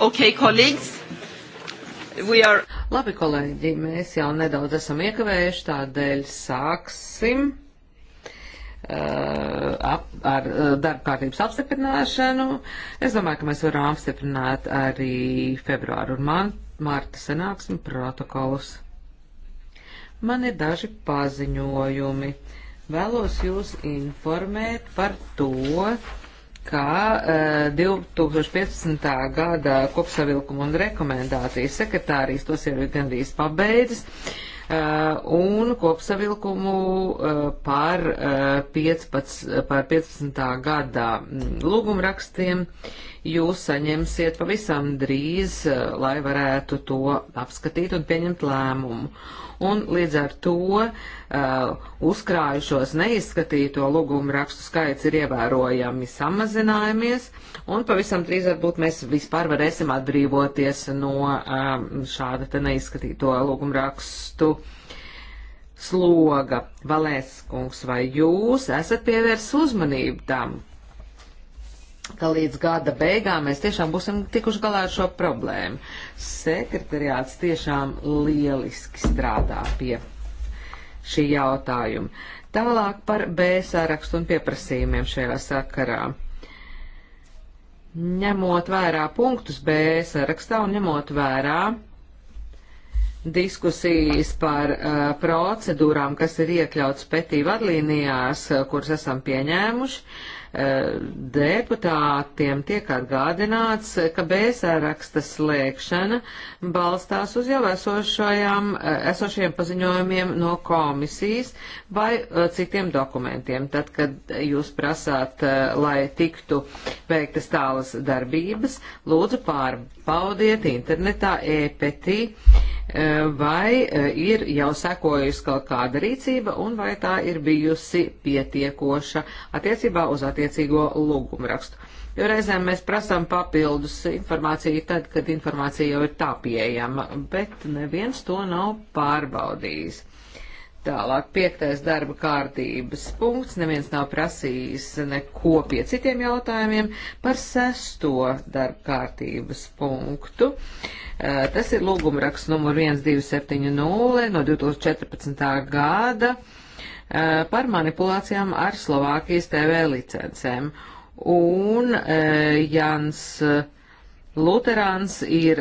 Okay, colleagues, we are... Labi, kolēģi, mēs jau nedaudz esam iekavējuši, tādēļ sāksim uh, ap, ar uh, darba kārtības apstiprināšanu. Es domāju, ka mēs varam apstiprināt arī februāru un man, marta sanāksmi protokolus. Man ir daži paziņojumi. Vēlos jūs informēt par to, kā 2015. E, gada kopsavilkuma un rekomendācijas sekretārijas tos ir gandrīz pabeidzis e, un kopsavilkumu e, par 15. Par 15. gadā lūgumrakstiem rakstiem jūs saņemsiet pavisam drīz, eh, lai varētu to apskatīt un pieņemt lēmumu. Un līdz ar to uh, uzkrājušos neizskatīto lūgumu rakstu skaits ir ievērojami samazinājumies, un pavisam drīz varbūt mēs vispār varēsim atbrīvoties no um, šāda te neizskatīto lūgumu rakstu sloga. Valēs kungs, vai jūs esat pievērs uzmanību tam? ka līdz gada beigām mēs tiešām būsim tikuši galā ar šo problēmu. Sekretariāts tiešām lieliski strādā pie šī jautājuma. Tālāk par B sārakstu un pieprasījumiem šajā sakarā. Ņemot vērā punktus B sarakstā un ņemot vērā diskusijas par uh, procedūrām, kas ir iekļauts petī vadlīnijās, uh, kuras esam pieņēmuši, uh, Eh, deputātiem tiek atgādināts, ka bezāraksta slēgšana balstās uz jau eh, esošajiem paziņojumiem no komisijas vai eh, citiem dokumentiem. Tad, kad jūs prasāt, lai tiktu veiktas tālas darbības, lūdzu pārbaudīt pārbaudiet internetā e-petī, e, vai e, ir jau sekojusi kaut kāda rīcība un vai tā ir bijusi pietiekoša attiecībā uz attiecīgo lūgumrakstu. Jo reizēm mēs prasām papildus informāciju tad, kad informācija jau ir tā pieejama, bet neviens to nav pārbaudījis. Tālāk, piektais darba kārtības punkts. Neviens nav prasījis neko pie citiem jautājumiem par sesto darba kārtības punktu. Tas ir lūgumraksts numur 1270 no 2014. gada par manipulācijām ar Slovākijas TV licencēm. Un Jans Luterāns ir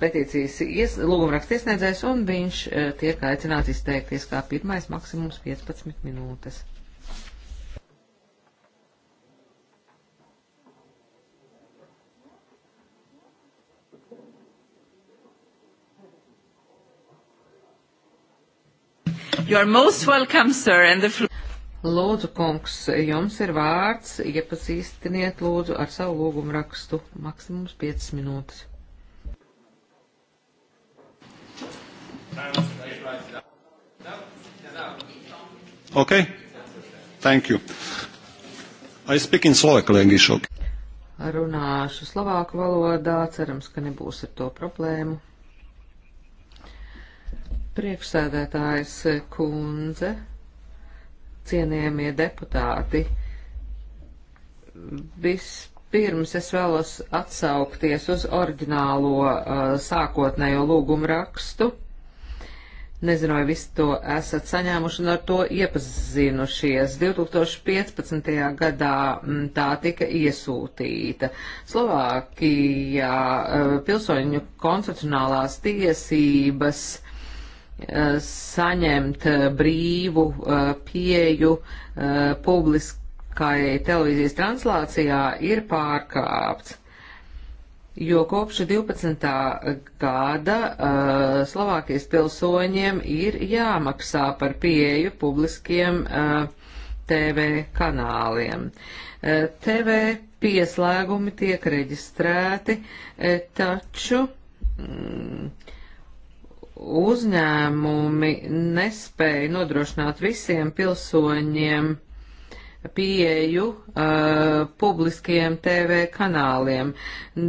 petīcijas ies, lūgumraksta iesniedzējs, un viņš e, tiek aicināts izteikties kā pirmais maksimums 15 minūtes. You are most welcome, sir, and the floor. Lūdzu, kungs, jums ir vārds, iepazīstiniet lūdzu ar savu lūgumu rakstu, maksimums 5 minūtes. Okay? Thank you. I speak in Slovak language. Okay? Runāšu slovāku valodā, cerams, ka nebūs ar to problēmu. Priekšsēdētājs kundze, cienījamie deputāti, vispirms es vēlos atsaukties uz oriģinālo uh, sākotnējo lūgumu rakstu Nezinu, vai visu to esat saņēmuši un ar to iepazinušies. 2015. gadā mm, tā tika iesūtīta. Slovākijā eh, pilsoņu konstitucionālās tiesības eh, saņemt eh, brīvu pieju publiskai televīzijas translācijā ir pārkāpts jo kopš 12. gada uh, Slovākijas pilsoņiem ir jāmaksā par pieeju publiskiem uh, eh, TV kanāliem. Uh, eh, TV pieslēgumi tiek reģistrēti, uh, taču. Mm, uzņēmumi nespēja nodrošināt visiem pilsoņiem pieeju uh, publiskiem TV kanāliem.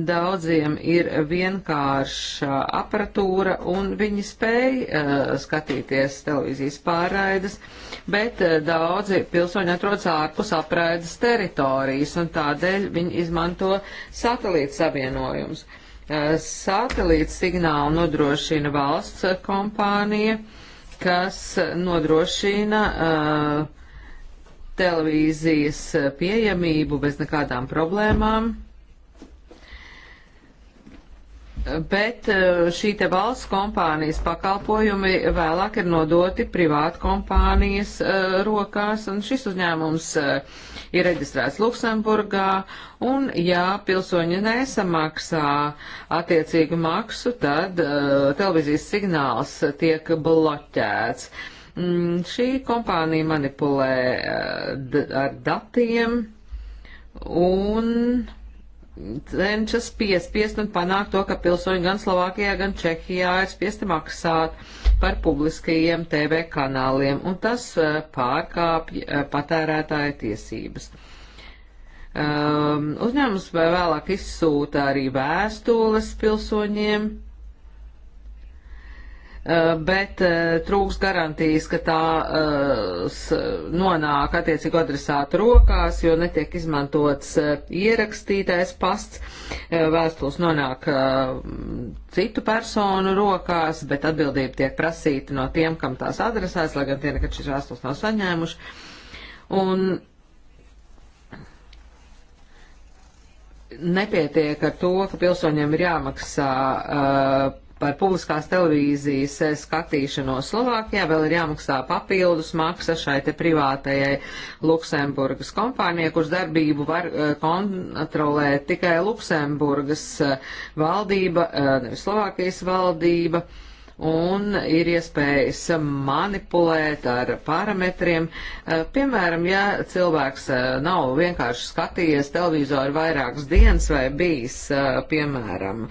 Daudziem ir vienkārša aparatūra un viņi spēj uh, skatīties televīzijas pārraides, bet uh, daudzi pilsoņi atrodas ārpus apraides teritorijas un tādēļ viņi izmanto satelīta savienojumus. Uh, satelīta signālu nodrošina valsts kompānija, kas nodrošina uh, televīzijas eh, pieejamību bez nekādām problēmām. Bet eh, šī te valsts kompānijas pakalpojumi vēlāk ir nodoti privātu kompānijas uh, rokās, un šis uzņēmums uh, ir reģistrēts Luksemburgā, un ja pilsoņi nesamaksā attiecīgu maksu, tad uh, televīzijas signāls tiek bloķēts. Uh, Mm, šī kompānija manipulē eh, ar datiem un cenšas piespiest un panākt to, ka pilsoņi gan Slovākijā, gan Čehijā ir spiesti maksāt par publiskajiem TV kanāliem, un tas eh, pārkāpj eh, patērētāja tiesības. Um, uzņēmums vēlāk izsūta arī vēstules pilsoņiem Eh, bet eh, trūks garantijas, ka tās eh, nonāk attiecīgo adresātu rokās, jo netiek izmantots ierakstītais pasts, vēstules nonāk citu personu rokās, bet atbildība tiek prasīta no tiem, kam tās adresēs, lai gan tie nekad šīs vēstules nav saņēmuši. Un nepietiek ar to, ka pilsoņiem ir jāmaksā uh, par publiskās televīzijas eh, skatīšanos Slovākijā vēl ir jāmaksā papildus maksa šai te privātajai Luksemburgas kompānijai, kuras darbību var eh, kontrolēt tikai Luksemburgas eh, valdība, nevis Slovākijas valdība. Uh, un ir iespējas manipulēt ar parametriem. Eh, piemēram, ja cilvēks eh, nav vienkārši skatījies televizoru vairākas dienas vai bijis, eh, piemēram,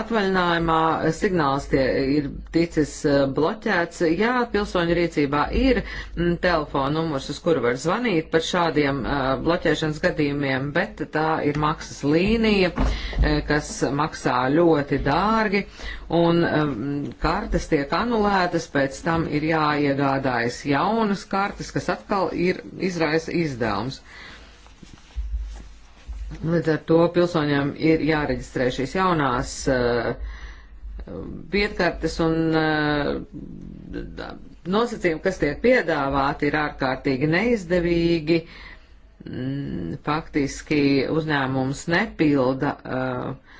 atvaļinājumā, signāls tie ir ticis bloķēts. Jā, pilsoņu rīcībā ir mm, telefona numurs, uz kuru var zvanīt par šādiem bloķēšanas gadījumiem, bet tā ir maksas līnija, kas maksā ļoti dārgi un um, kartes tiek anulētas, pēc tam ir jāiegādājas jaunas kartes, kas atkal ir izraisa izdevums. Līdz ar to pilsoņiem ir jāreģistrē šīs jaunās uh, vietkartes un uh, nosacījumi, kas tiek piedāvāti, ir ārkārtīgi neizdevīgi. Mm, faktiski uzņēmums nepilda uh,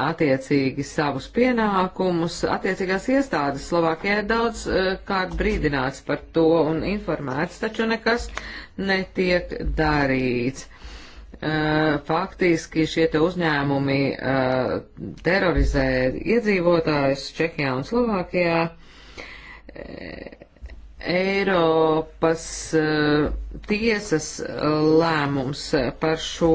attiecīgi savus pienākumus. Attiecīgās iestādes Slovākijā ir daudz eh, kārt brīdināts par to un informēts, taču nekas netiek darīts. Eh, faktiski šie te uzņēmumi eh, terorizē iedzīvotājus Čehijā un Slovākijā. Eiropas tiesas lēmums par šo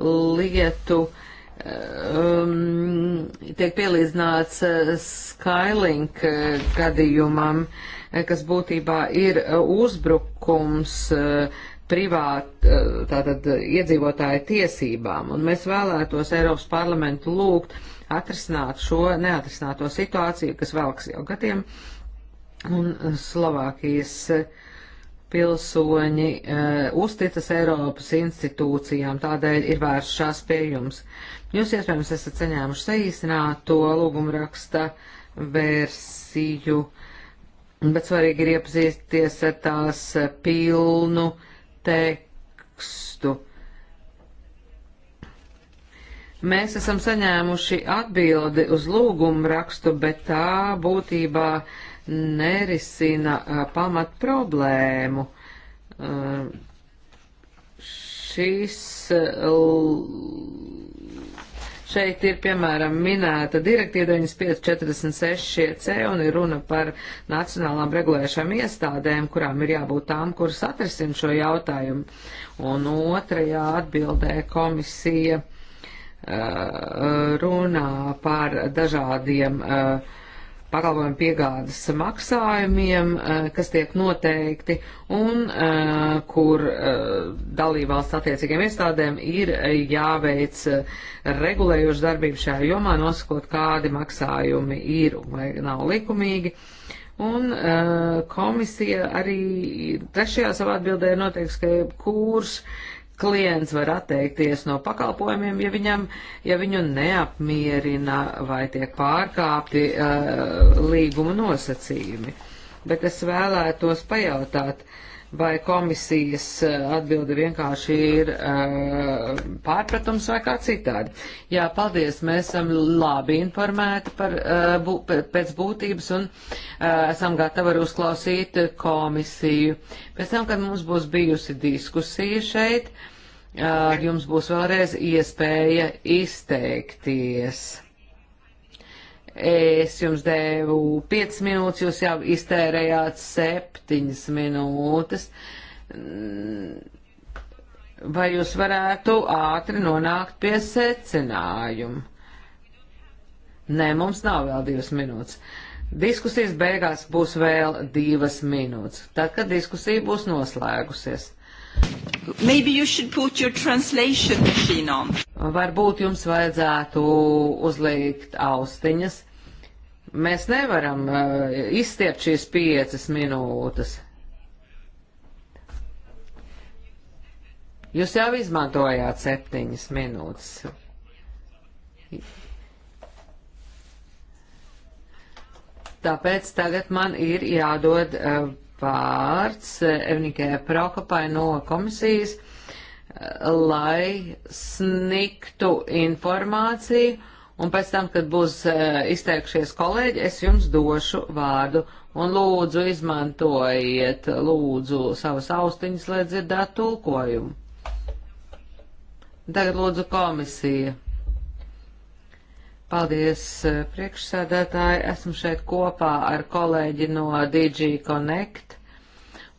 lietu uh, um, tiek pielīdzināts uh, Skylink uh, gadījumam, uh, kas būtībā ir uzbrukums privāt, tātad iedzīvotāju tiesībām. Un mēs vēlētos Eiropas parlamentu lūgt atrisināt šo neatrisināto situāciju, kas velks jau gadiem, un Slovākijas uh, pilsoņi e, uzticas Eiropas institūcijām, tādēļ ir vēršās pie jums. Jūs iespējams esat saņēmuši saīsināto lūgumraksta versiju, bet svarīgi ir iepazīties ar tās pilnu tekstu. Mēs esam saņēmuši atbildi uz lūgumu rakstu, bet tā būtībā uh, nerisina pamat problēmu. Šis, šeit ir, piemēram, minēta direktīva 9546C un ir runa par nacionālām regulējušām iestādēm, kurām ir jābūt tām, kuras atrisina šo jautājumu. Un otrajā atbildē komisija runā par dažādiem uh, pakalpojumu piegādes maksājumiem, eh, kas tiek noteikti un eh, kur eh, dalībvalsts attiecīgiem iestādēm ir jāveic regulējuši darbību šajā jomā, nosakot, kādi maksājumi ir vai nav likumīgi. Un uh, komisija arī trešajā savā atbildē ir noteikts, ka kurs uh, klients var atteikties no pakalpojumiem, ja, viņam, ja viņu neapmierina vai tiek pārkāpti uh, līguma nosacījumi. Bet es vēlētos pajautāt, uh, vai komisijas eh, atbilde vienkārši ir uh, pārpratums vai kā citādi. Jā, paldies, mēs esam labi informēti par, uh, bū, pēc būtības un uh, esam gatavi arī uzklausīt komisiju. Pēc tam, kad mums būs bijusi diskusija šeit, jums būs vēlreiz iespēja izteikties. Es jums devu 5 minūtes, jūs jau iztērējāt 7 minūtes. Mm, vai jūs varētu ātri nonākt pie secinājuma? Nē, mums nav vēl 2 minūtes. Diskusijas beigās būs vēl 2 minūtes, tad, kad diskusija būs noslēgusies. You Varbūt jums vajadzētu uzlikt austiņas. Mēs nevaram uh, izstiept šīs piecas minūtes. Jūs jau izmantojāt septiņas minūtes. Tāpēc tagad man ir jādod uh, vārds eh, Evnikai Prokopai no komisijas, eh, lai sniktu informāciju, un pēc tam, kad būs eh, izteikšies kolēģi, es jums došu vārdu. Un lūdzu, izmantojiet, lūdzu, savas austiņas, lai dzirdētu tulkojumu. Tagad lūdzu komisija. Paldies, eh, priekšsēdētāji. Esmu šeit kopā ar kolēģi no DG Connect.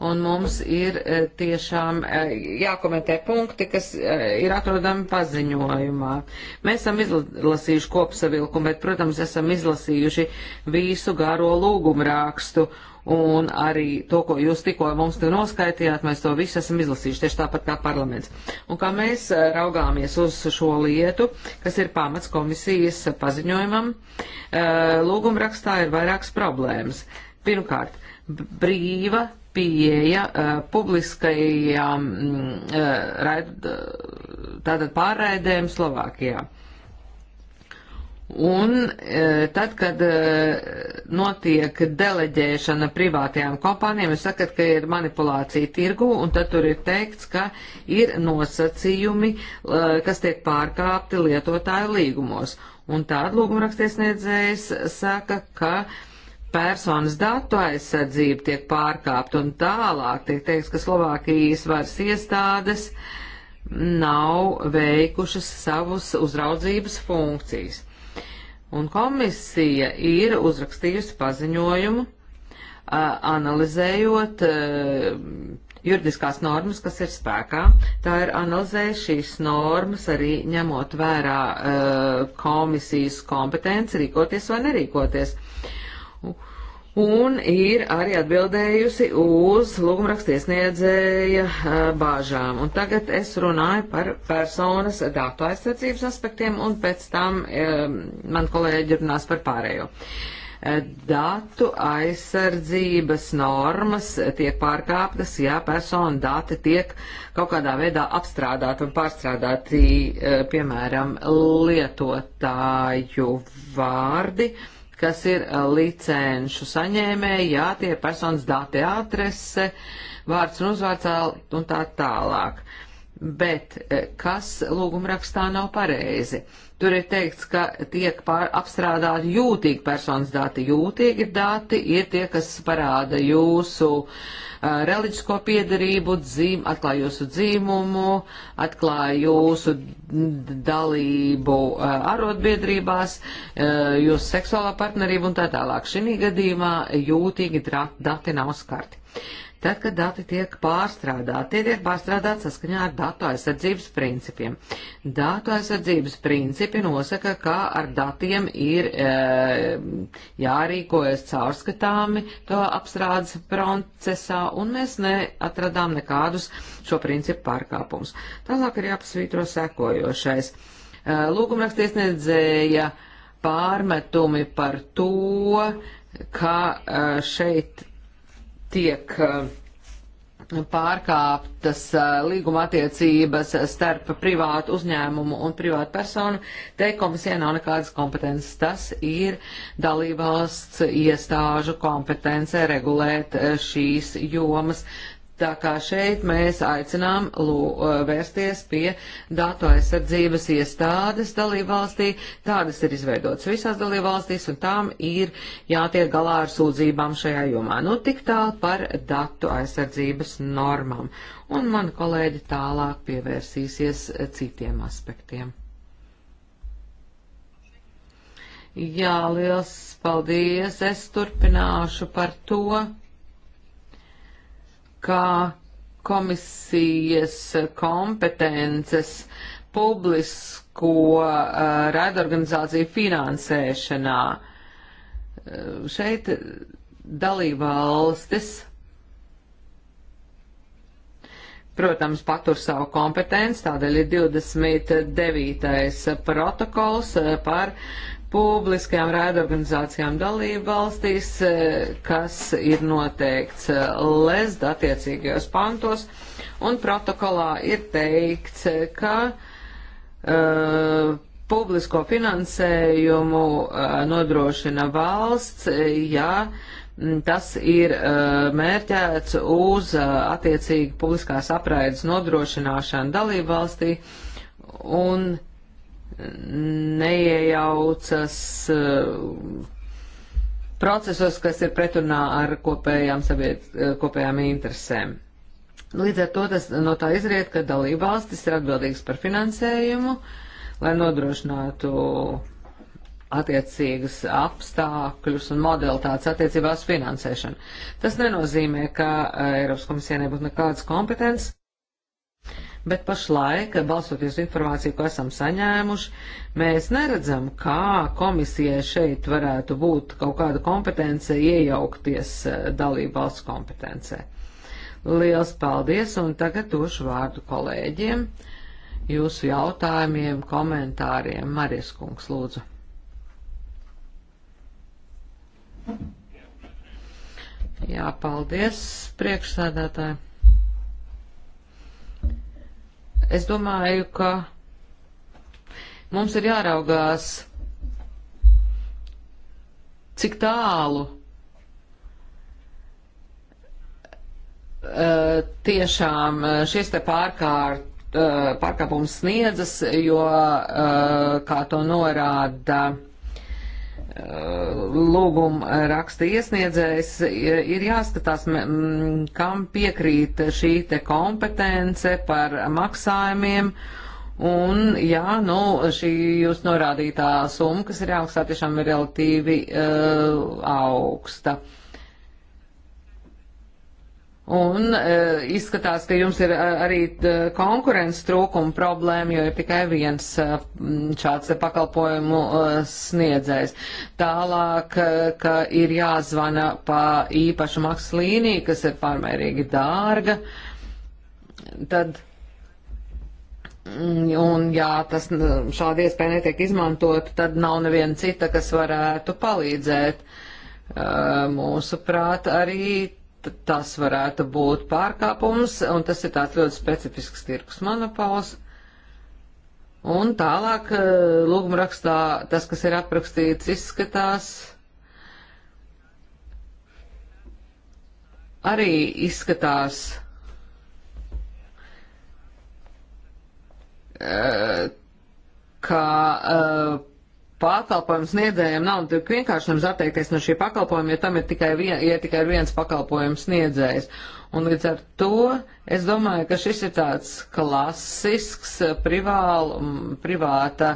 Un mums ir eh, tiešām eh, jākomentē punkti, kas ir atrodami paziņojumā. Mēs esam izlasījuši kopsavilkumu, bet, protams, esam izlasījuši visu garo lūgumu rakstu un arī to, ko jūs tikko mums te noskaitījāt, mēs to visu esam izlasījuši, tieši tāpat kā parlaments. Un kā mēs eh, raugāmies uz šo lietu, kas ir pamats komisijas paziņojumam, eh, lūgumrakstā ir vairākas problēmas. Pirmkārt, brīva pieeja uh, publiskajām uh, raid, tātad pārraidēm Slovākijā. Un e, tad, kad e, notiek deleģēšana privātajām kompānijām, jūs sakat, ka ir manipulācija tirgu, un tad tur ir teikts, ka ir nosacījumi, e, kas tiek pārkāpti lietotāju līgumos. Un tāda lūgumrakstiesniedzējs saka, ka personas datu aizsardzība tiek pārkāpta, un tālāk tiek teikts, ka Slovākijas varas iestādes nav veikušas savus uzraudzības funkcijas. Un komisija ir uzrakstījusi paziņojumu, analizējot juridiskās normas, kas ir spēkā. Tā ir analizējusi šīs normas arī ņemot vērā komisijas kompetenci rīkoties vai nerīkoties. Uh, un ir arī atbildējusi uz lūgumrakstiesniedzēja bāžām. Un tagad es runāju par personas datu aizsardzības aspektiem, un pēc tam man kolēģi runās par pārējo. Datu aizsardzības normas tiek pārkāptas, ja persona dati tiek kaut kādā veidā apstrādāti un pārstrādāti, piemēram, lietotāju vārdi. Uh, kas ir eh, licenšu saņēmēji, jā, tie ir personas dati, adrese, vārds un uzvārds un tā tālāk. Bet eh, kas lūgumrakstā nav pareizi? Tur ir teikts, ka tiek pār, apstrādāti jūtīgi personas dati. Jūtīgi dati ir tie, kas parāda jūsu uh, reliģisko piedarību, dzīm, atklāj jūsu dzīmumu, atklāj jūsu dalību arotbiedrībās, jūsu seksuālā partnerību un tā tālāk. Šī gadījumā jūtīgi dati nav skarti tad, kad dati tiek pārstrādāti. Tie tiek pārstrādāti saskaņā ar datu aizsardzības principiem. Datu aizsardzības principi nosaka, ka ar datiem ir e, jārīkojas caurskatāmi to apstrādes procesā, un mēs neatradām nekādus šo principu pārkāpumus. Tālāk ir jāpasvītro sekojošais. E, Lūgumrakstiesniedzēja pārmetumi par to, ka eh, šeit tiek eh, pārkāptas eh, līguma attiecības starp privātu uzņēmumu un privātu personu, te komisijā nav nekādas kompetences. Tas ir dalībvalsts iestāžu kompetence regulēt eh, šīs jomas. Tā kā šeit mēs aicinām lū, vērsties pie datu aizsardzības iestādes dalībvalstī. Tādas ir izveidotas visās dalībvalstīs, un tām ir jātiek galā ar sūdzībām šajā jomā. Nu, tik tālu par datu aizsardzības normām. Un mani kolēģi tālāk pievērsīsies citiem aspektiem. Jā, liels paldies. Es turpināšu par to kā komisijas kompetences publisko uh, raidorganizāciju finansēšanā. Uh, šeit dalībvalstis, protams, patur savu kompetenci, tādēļ ir 29. protokols uh, par uh, publiskajām raidorganizācijām dalību valstīs, e, kas ir noteikts e, lezd attiecīgajos pantos, un protokolā ir teikts, e, ka uh, publisko finansējumu uh, nodrošina valsts, ja tas ir uh, mērķēts uz attiecīgi publiskās apraides nodrošināšanu dalību valstī, un uh, neiejaucas eh, procesos, kas ir pretrunā ar kopējām, sabiet, eh, kopējām interesēm. Līdz ar to tas no tā izriet, ka dalība valstis ir atbildīgas par finansējumu, lai nodrošinātu attiecīgas apstākļus un modelitātes attiecībās finansēšanu. Tas nenozīmē, ka eh, Eiropas komisijai nebūtu nekādas kompetences. Bet pašlaik, balsoties informāciju, ko esam saņēmuši, mēs neredzam, kā komisijai šeit varētu būt kaut kāda kompetence iejaukties eh, dalību valsts kompetencē. Liels paldies, un tagad došu vārdu kolēģiem, jūsu jautājumiem, komentāriem. Marijas kungs, lūdzu. Jā, paldies, priekšsēdētāji. Es domāju, ka mums ir jāraugās, cik tālu uh, tiešām eh, šis te pārkārt uh, pārkāpums sniedzas, jo, uh, kā to norāda lūguma raksta iesniedzējs, ir jāskatās, kam piekrīt šī te kompetence par maksājumiem. Un, jā, nu, šī jūs norādītā summa, kas ir jāmaksā, tiešām ir relatīvi uh, augsta. Uh, Un uh, izskatās, ka jums ir e, arī e, konkurences trūkuma problēma, jo ir tikai viens uh, šāds te pakalpojumu uh, sniedzējs. Tālāk, ka ir jāzvana pa īpašu maksas līniju, kas ir pārmērīgi dārga. Tad, mm, un ja tas šāda iespēja netiek izmantot, tad nav neviena cita, kas varētu palīdzēt. Mūsuprāt, arī tas varētu būt pārkāpums, un tas ir tāds ļoti specifisks tirkus monopols. Un tālāk e, lūguma rakstā tas, kas ir aprakstīts, izskatās arī izskatās e, kā pakalpojumu sniedzējiem nav tik vienkārši nemaz atteikties no šī pakalpojuma, ja tam ir tikai, vien, ja tikai viens pakalpojumu sniedzējs. Un līdz ar to es domāju, ka šis ir tāds klasisks privāl, privāta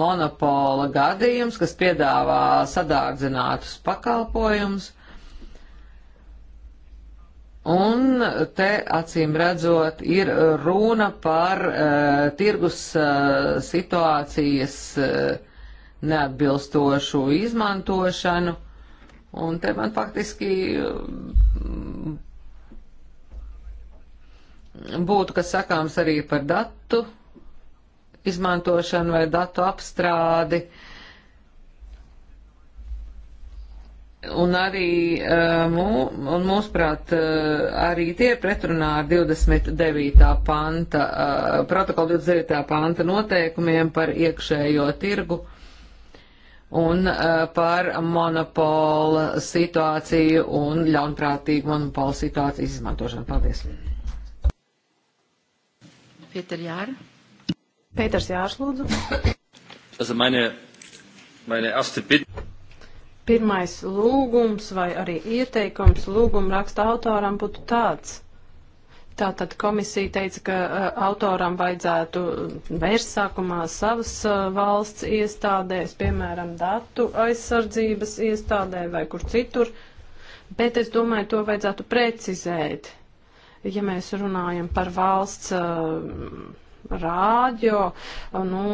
monopola gadījums, kas piedāvā sadārdzinātus pakalpojumus. Un te acīm redzot ir runa par uh, tirgus uh, situācijas uh, neatbilstošu izmantošanu. Un te man faktiski mm, būtu, kas sakāms arī par datu izmantošanu vai datu apstrādi. Uh, Un arī eh, mū, un mūsuprāt, eh, arī tie ir pretrunā ar 29. panta, eh, protokola 29. panta noteikumiem par iekšējo tirgu un par monopola situāciju un ļaunprātīgu monopola situācijas izmantošanu. Paldies! Pēter Jāra. Pēters Jārs, lūdzu. Also meine, meine erste Bitte. Pirmais lūgums vai arī ieteikums lūguma raksta autoram būtu tāds. Tātad komisija teica, ka eh, autoram vajadzētu vērst sākumā savas eh, valsts iestādēs, piemēram, datu aizsardzības iestādē vai kur citur, bet es domāju, to vajadzētu precizēt, ja mēs runājam par valsts eh, rādio nu,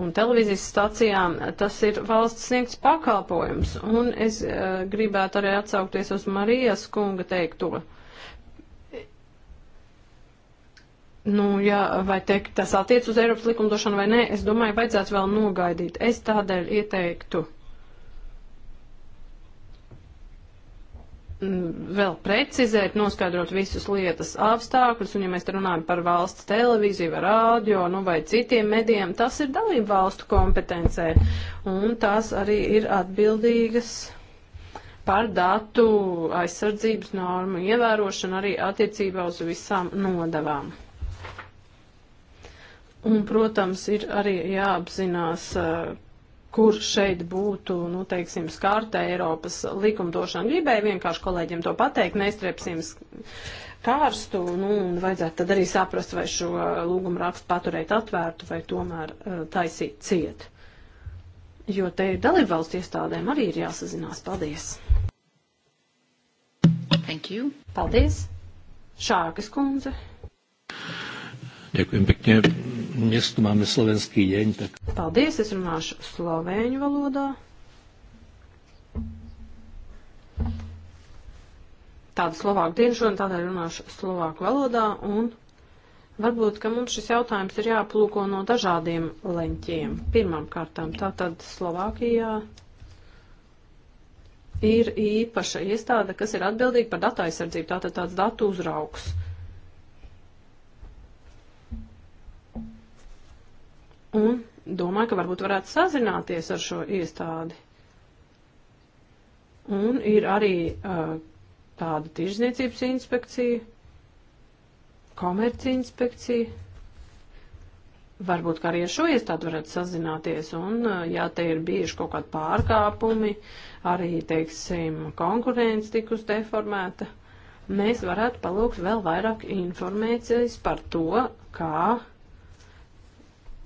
un televīzijas stacijām, tas ir valsts sniegts pakalpojums. Un es uh, gribētu arī atsaukties uz Marijas kunga teikto. Nu, ja, vai teikt, tas attiec uz Eiropas likumdošanu vai nē, es domāju, vajadzētu vēl nogaidīt. Es tādēļ ieteiktu Mm, vēl precizēt, noskaidrot visus lietas apstākļus, un ja mēs runājam par valsts televīziju, vai rādio, nu vai citiem medijiem, tas ir dalību valstu kompetencē, un tās arī ir atbildīgas par datu aizsardzības normu ievērošanu arī attiecībā uz visām nodavām. Un, protams, ir arī jāapzinās, eh, kur šeit būtu, nu, teiksim, skārta Eiropas likumdošana. Gribēju vienkārši kolēģiem to pateikt, neiztriepsim kārstu, nu, un vajadzētu tad arī saprast, vai šo lūgumu rakstu paturēt atvērtu, vai tomēr uh, taisīt ciet. Jo te ir dalībvalstu iestādēm arī ir jāsazinās. Paldies! Thank you. Paldies! Šākas kundze! Ďakujem pekne dnes tu máme slovenský deň. Tak... Paldies, es runāšu slovēņu valodā. Tāda slovāku diena šodien, tādēļ runāšu slovāku valodā un Varbūt, ka mums šis jautājums ir jāplūko no dažādiem leņķiem. Pirmām kārtām, tātad Slovākijā ir īpaša iestāde, kas ir atbildīga par datu aizsardzību, tātad tāds datu uzraugs. Un domāju, ka varbūt varētu sazināties ar šo iestādi. Un ir arī uh, tāda tirzniecības inspekcija, komerci inspekcija. Varbūt, ka arī ar šo iestādi varētu sazināties, un, uh, ja te ir bijuši kaut kādi pārkāpumi, arī, teiksim, konkurence tikus deformēta, mēs varētu palūgt vēl vairāk informācijas par to, kā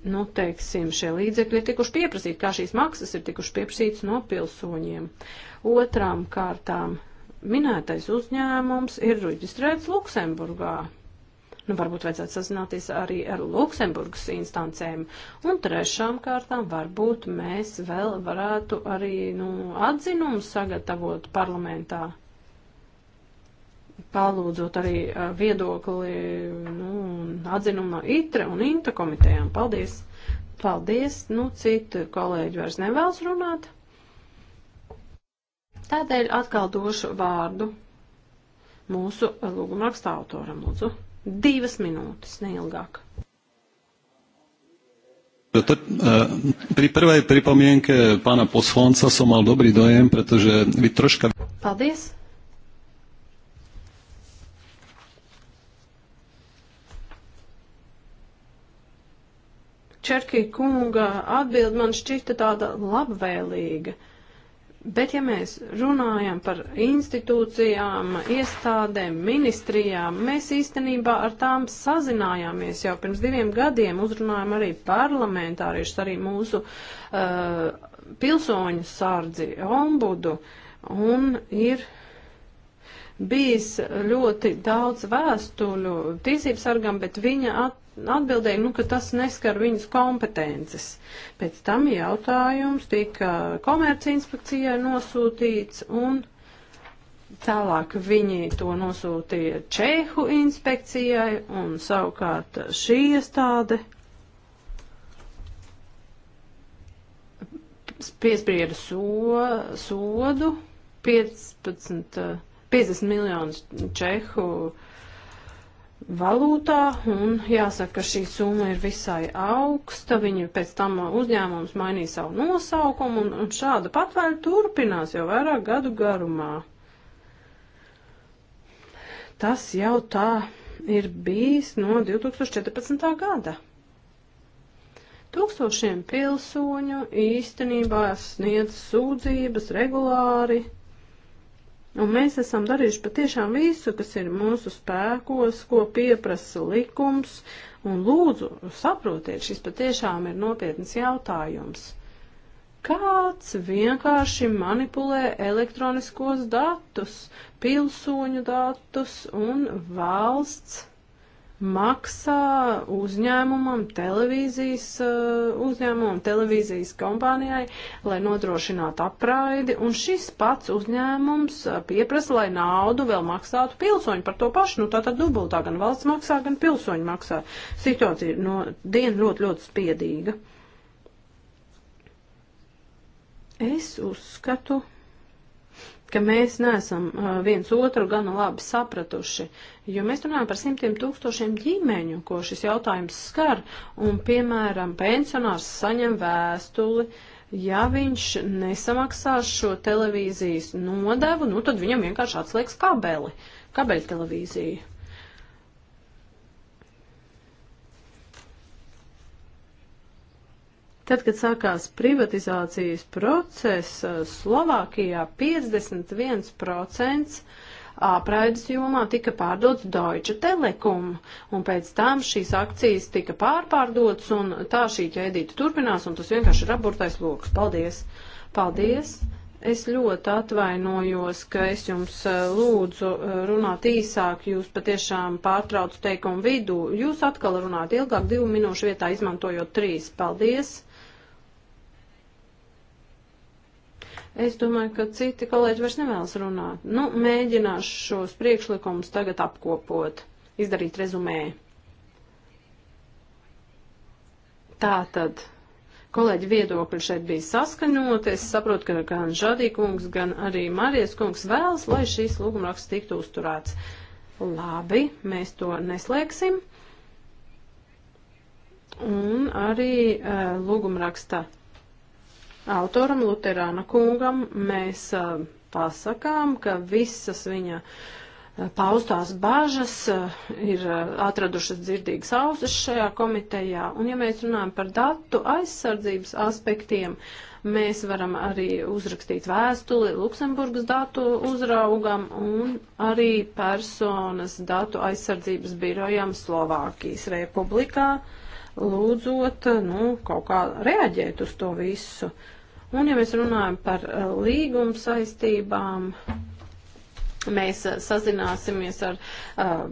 nu, teiksim, šie līdzekļi ir tikuši pieprasīti, kā šīs maksas ir tikuši pieprasītas no pilsoņiem. Otrām kārtām minētais uzņēmums ir reģistrēts Luksemburgā. Nu, varbūt vajadzētu sazināties arī ar Luksemburgas instancēm. Un trešām kārtām varbūt mēs vēl varētu arī nu, atzinumu sagatavot parlamentā palūdzot arī uh, viedokli nu, atzinumu no ITRA un INTA komitejām. Paldies! Paldies! Nu, citi kolēģi vairs nevēlas runāt. Tādēļ atkal došu vārdu mūsu lūgumraksta autoram, lūdzu. Divas minūtes, neilgāk. Eh, pri prvej pripomienke pána poslanca som mal dobrý dojem, pretože vy troška... Paldies. Čerkī kunga atbild man šķita tāda labvēlīga. Bet, ja mēs runājam par institūcijām, iestādēm, ministrijām, mēs īstenībā ar tām sazinājāmies jau pirms diviem gadiem, uzrunājām arī parlamentāriešus, arī mūsu uh, pilsoņu sārdzi, ombudu, un ir bijis ļoti daudz vēstuļu tiesības sargam, bet viņa at, atbildēja, nu, ka tas neskar viņas kompetences. Pēc tam jautājums tika komerci inspekcijai nosūtīts un tālāk viņi to nosūtīja Čehu inspekcijai un savukārt šī iestāde piesprieda so, sodu 15, 50 miljonus Čehu uh, valūtā, un jāsaka, ka šī summa ir visai augsta, viņi pēc tam uzņēmums mainīja savu nosaukumu, un, un šāda patvēra turpinās jau vairāk gadu garumā. Tas jau tā ir bijis no 2014. gada. Tūkstošiem pilsoņu īstenībā sniedz sūdzības regulāri Un mēs esam darījuši patiešām visu, kas ir mūsu spēkos, ko pieprasa likums, un lūdzu, saprotiet, šis patiešām ir nopietns jautājums. Kāds vienkārši manipulē elektroniskos datus, pilsoņu datus un valsts maksā uzņēmumam, televīzijas eh, uzņēmumam, televīzijas kompānijai, lai nodrošinātu apraidi, un šis pats uzņēmums eh, pieprasa, lai naudu vēl maksātu pilsoņi par to pašu, nu tātad dubultā gan valsts maksā, gan pilsoņi maksā. Situācija ir no diena ļoti, ļoti spiedīga. Es uzskatu, ka mēs neesam viens otru gana labi sapratuši, jo mēs runājam par simtiem tūkstošiem ģimeņu, ko šis jautājums skar, un, piemēram, pensionārs saņem vēstuli, ja viņš nesamaksās šo televīzijas nodevu, nu tad viņam vienkārši atslēgs kabeli, kabeļtelevīziju. Tad, kad sākās privatizācijas process, eh, Slovākijā 51% eh, apraides jomā tika pārdots Deutsche Telekom, un pēc tam šīs akcijas tika pārpārdotas, un tā šī ķēdīte turpinās, un tas vienkārši ir aburtais lokus. Paldies! Paldies! Es ļoti atvainojos, ka es jums eh, lūdzu runāt īsāk, jūs patiešām pārtraucu teikumu vidū. Jūs atkal runāt ilgāk, divu minūšu vietā izmantojot trīs. Paldies! Es domāju, ka citi kolēģi vairs nevēlas runāt. Nu, mēģināšu šos priekšlikumus tagad apkopot, izdarīt rezumē. Tātad, kolēģi viedokļi šeit bija saskaņoti. Es saprotu, ka gan Žadīkungs, gan arī Marijas kungs vēlas, lai šīs lūgumraksts tiktu uzturēts. Labi, mēs to neslēgsim. Un arī uh, lūgumraksta autoram Luterāna kungam mēs pasakām, ka visas viņa paustās bažas ir atradušas dzirdīgas ausis šajā komitejā. Un ja mēs runājam par datu aizsardzības aspektiem, mēs varam arī uzrakstīt vēstuli Luksemburgas datu uzraugam un arī personas datu aizsardzības birojam Slovākijas republikā. Uh, lūdzot, nu, kaut kā reaģēt uz to visu. Un, ja mēs runājam par eh, līguma saistībām, mēs eh, sazināsimies ar uh,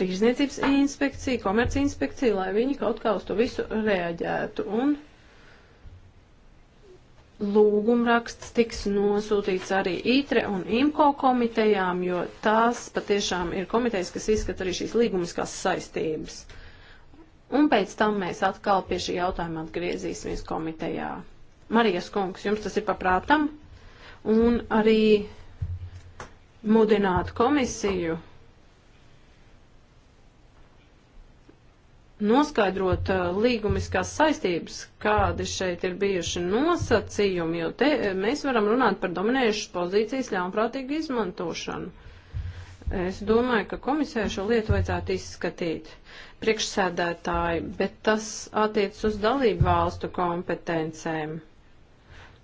Tirzniecības inspekciju, komerci inspekciju, lai viņi kaut kā uz to visu reaģētu. Un lūgumraksts tiks nosūtīts arī ITRE un IMCO komitejām, jo tās patiešām ir komitejas, kas izskata arī šīs līgumiskās saistības. Uh, Un pēc tam mēs atkal pie šī jautājuma atgriezīsimies komitejā. Marijas kungs, jums tas ir paprātam? Un arī mudināt komisiju noskaidrot uh, līgumiskās saistības, kādi šeit ir bijuši nosacījumi, jo te mēs varam runāt par dominējušas pozīcijas ļaunprātīgu izmantošanu. Es domāju, ka komisē šo lietu vajadzētu izskatīt priekšsēdētāji, bet tas attiec uz dalību valstu kompetencēm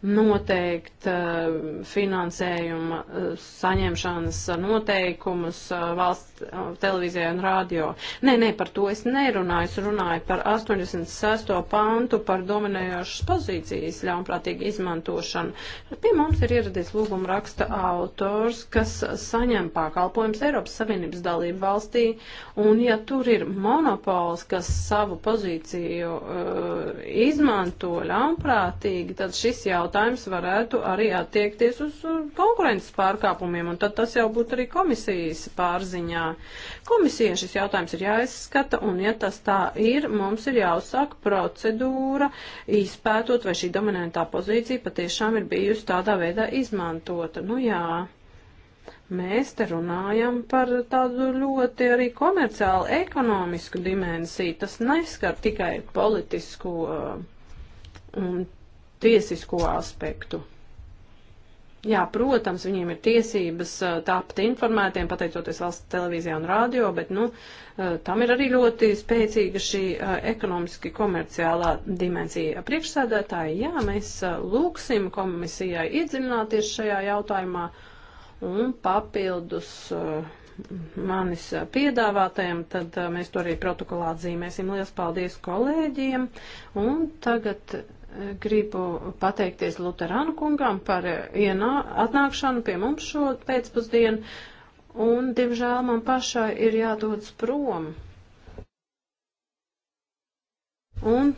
noteikt eh, finansējuma eh, saņemšanas noteikumus eh, valsts televīzijai un radio. Nē, nē, par to es nerunāju. Es runāju par 86. pantu, par dominējošas pozīcijas ļaunprātīgu izmantošanu. Pie mums ir ieradies lūguma raksta autors, kas saņem pakalpojums Eiropas Savienības dalību valstī, un ja tur ir monopols, kas savu pozīciju uh, izmanto ļaunprātīgi, tad šis jau jautājums varētu arī attiekties uz uh, konkurences pārkāpumiem, un tad tas jau būtu arī komisijas pārziņā. Komisija šis jautājums ir jāizskata, un ja tas tā ir, mums ir jāuzsāk procedūra, izpētot, vai šī dominantā pozīcija patiešām ir bijusi tādā veidā izmantota. Nu jā. Mēs te runājam par tādu ļoti arī komerciālu, ekonomisku dimensiju. Tas neskar tikai politisku uh, un tiesisko aspektu. Jā, protams, viņiem ir tiesības tapt informētiem, pateicoties valsts televīzijā un rādio, bet, nu, tam ir arī ļoti spēcīga šī ekonomiski komerciālā dimensija. Priekšsēdētāji, jā, mēs lūksim komisijai iedzināties šajā jautājumā un papildus manis piedāvātajam, tad mēs to arī protokolā atzīmēsim. Lielas paldies kolēģiem un tagad Gribu pateikties Luterānu kungam par eh, ienā, atnākšanu pie mums šo pēcpusdienu, un, diemžēl, man pašai ir jādodas prom. Un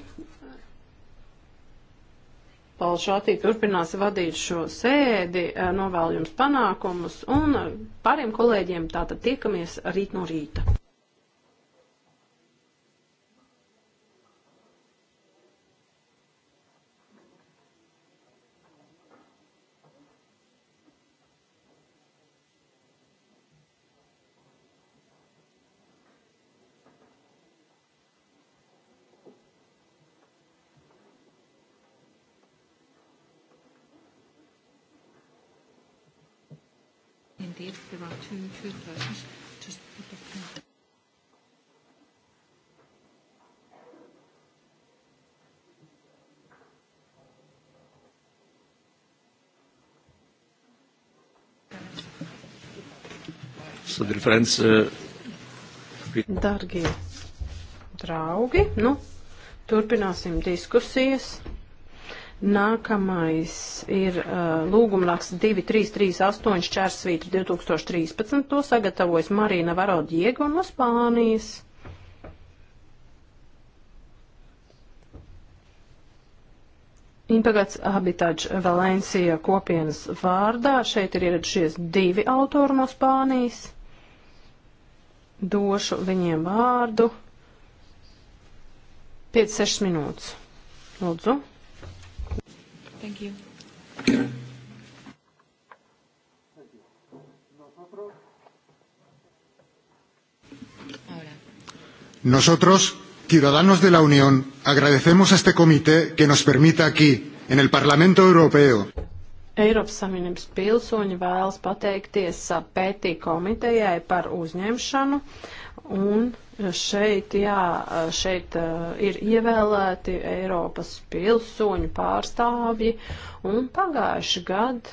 Palšātī turpinās vadīt šo sēdi, eh, novēl jums panākumus, un eh, pariem kolēģiem tātad tiekamies rīt no rīta. there are two, two persons, just put the card. So, dear friends, uh, we... Dargie draugi, nu, turpināsim diskusijas. Nākamais ir uh, lūgumraksts 2338 čērsvītra 2013. To sagatavojas Marīna Varodiega no Spānijas. Impagats Habitāģ Valencija kopienas vārdā. Šeit ir ieradušies divi autori no Spānijas. Došu viņiem vārdu. 5-6 minūtes. Lūdzu. Thank you. Nosotros, ciudadanos de la Unión, agradecemos a este comité que nos permita aquí, en el Parlamento Europeo. Eiropas Savienības pilsoņi vēlas pateikties uh, pētī komitejai par uzņemšanu un Šeit, jā, šeit eh, ir ievēlēti Eiropas pilsoņu pārstāvji, un pagājuši gad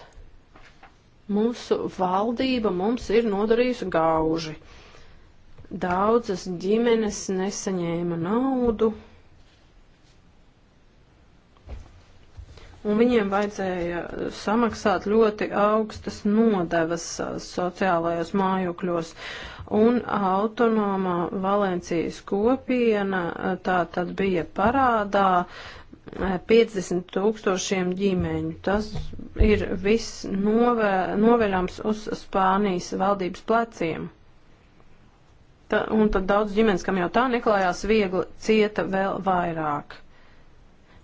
mūsu valdība mums ir nodarījusi gauži. Daudzas ģimenes nesaņēma naudu, un viņiem vajadzēja samaksāt ļoti augstas nodevas eh, sociālajos mājokļos. Uh, un autonomā Valencijas kopiena eh, tā tad bija parādā 50 eh, tūkstošiem ģimeņu. Tas ir viss nove, noveļams uz Spānijas valdības pleciem. Ta, un tad daudz ģimenes, kam jau tā neklājās viegli, cieta vēl vairāk.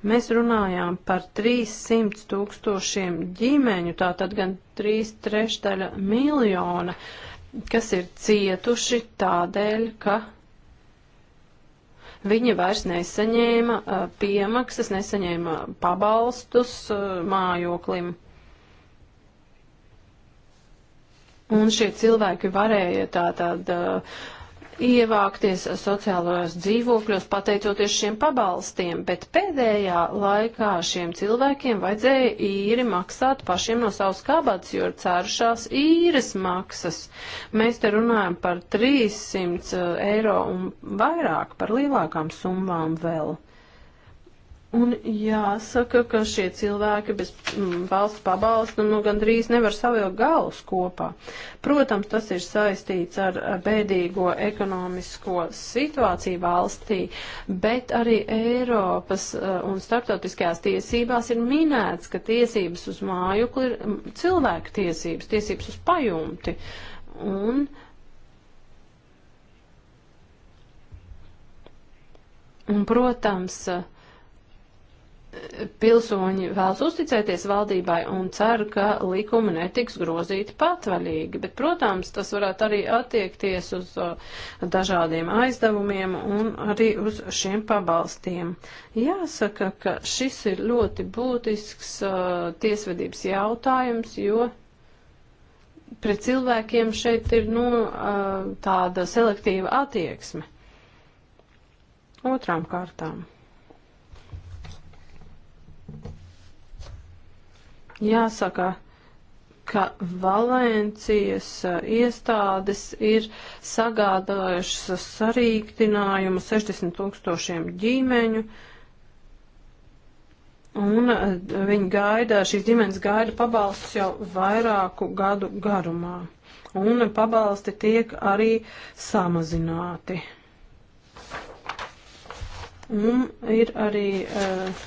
Mēs runājām par 300 tūkstošiem ģimeņu, tā tad gan 3 trešdaļa miljona. Uh, kas ir cietuši tādēļ, ka viņi vairs nesaņēma piemaksas, nesaņēma pabalstus mājoklim. Un šie cilvēki varēja tā tad uh, ievākties sociālajos dzīvokļos pateicoties šiem pabalstiem, bet pēdējā laikā šiem cilvēkiem vajadzēja īri maksāt pašiem no savas kabatas, jo ir cēršās īres maksas. Mēs te runājam par 300 eh, eiro un vairāk, par lielākām summām vēl. Un jāsaka, ka šie cilvēki bez mm, valsts pabalsta nu, gandrīz nevar savilkt galus kopā. Protams, tas ir saistīts ar bēdīgo ekonomisko situāciju valstī, bet arī Eiropas e, un starptautiskajās tiesībās ir minēts, ka tiesības uz mājokli ir cilvēku tiesības, tiesības uz pajumti. Un, uh, Un, protams, pilsoņi vēlas uzticēties valdībai un cer, ka likumi netiks grozīti patvaļīgi, bet, protams, tas varētu arī attiekties uz uh, dažādiem aizdevumiem un arī uz šiem pabalstiem. Jāsaka, ka šis ir ļoti būtisks uh, tiesvedības jautājums, jo pret cilvēkiem šeit ir nu, uh, tāda selektīva attieksme. Otrām kārtām. Jāsaka, ka Valencijas eh, iestādes ir sagādājušas sarīktinājumu 60 tūkstošiem ģimeņu, un eh, viņi gaida, šīs ģimenes gaida pabalstus jau vairāku gadu garumā, un pabalsti tiek arī samazināti. Un ir arī uh,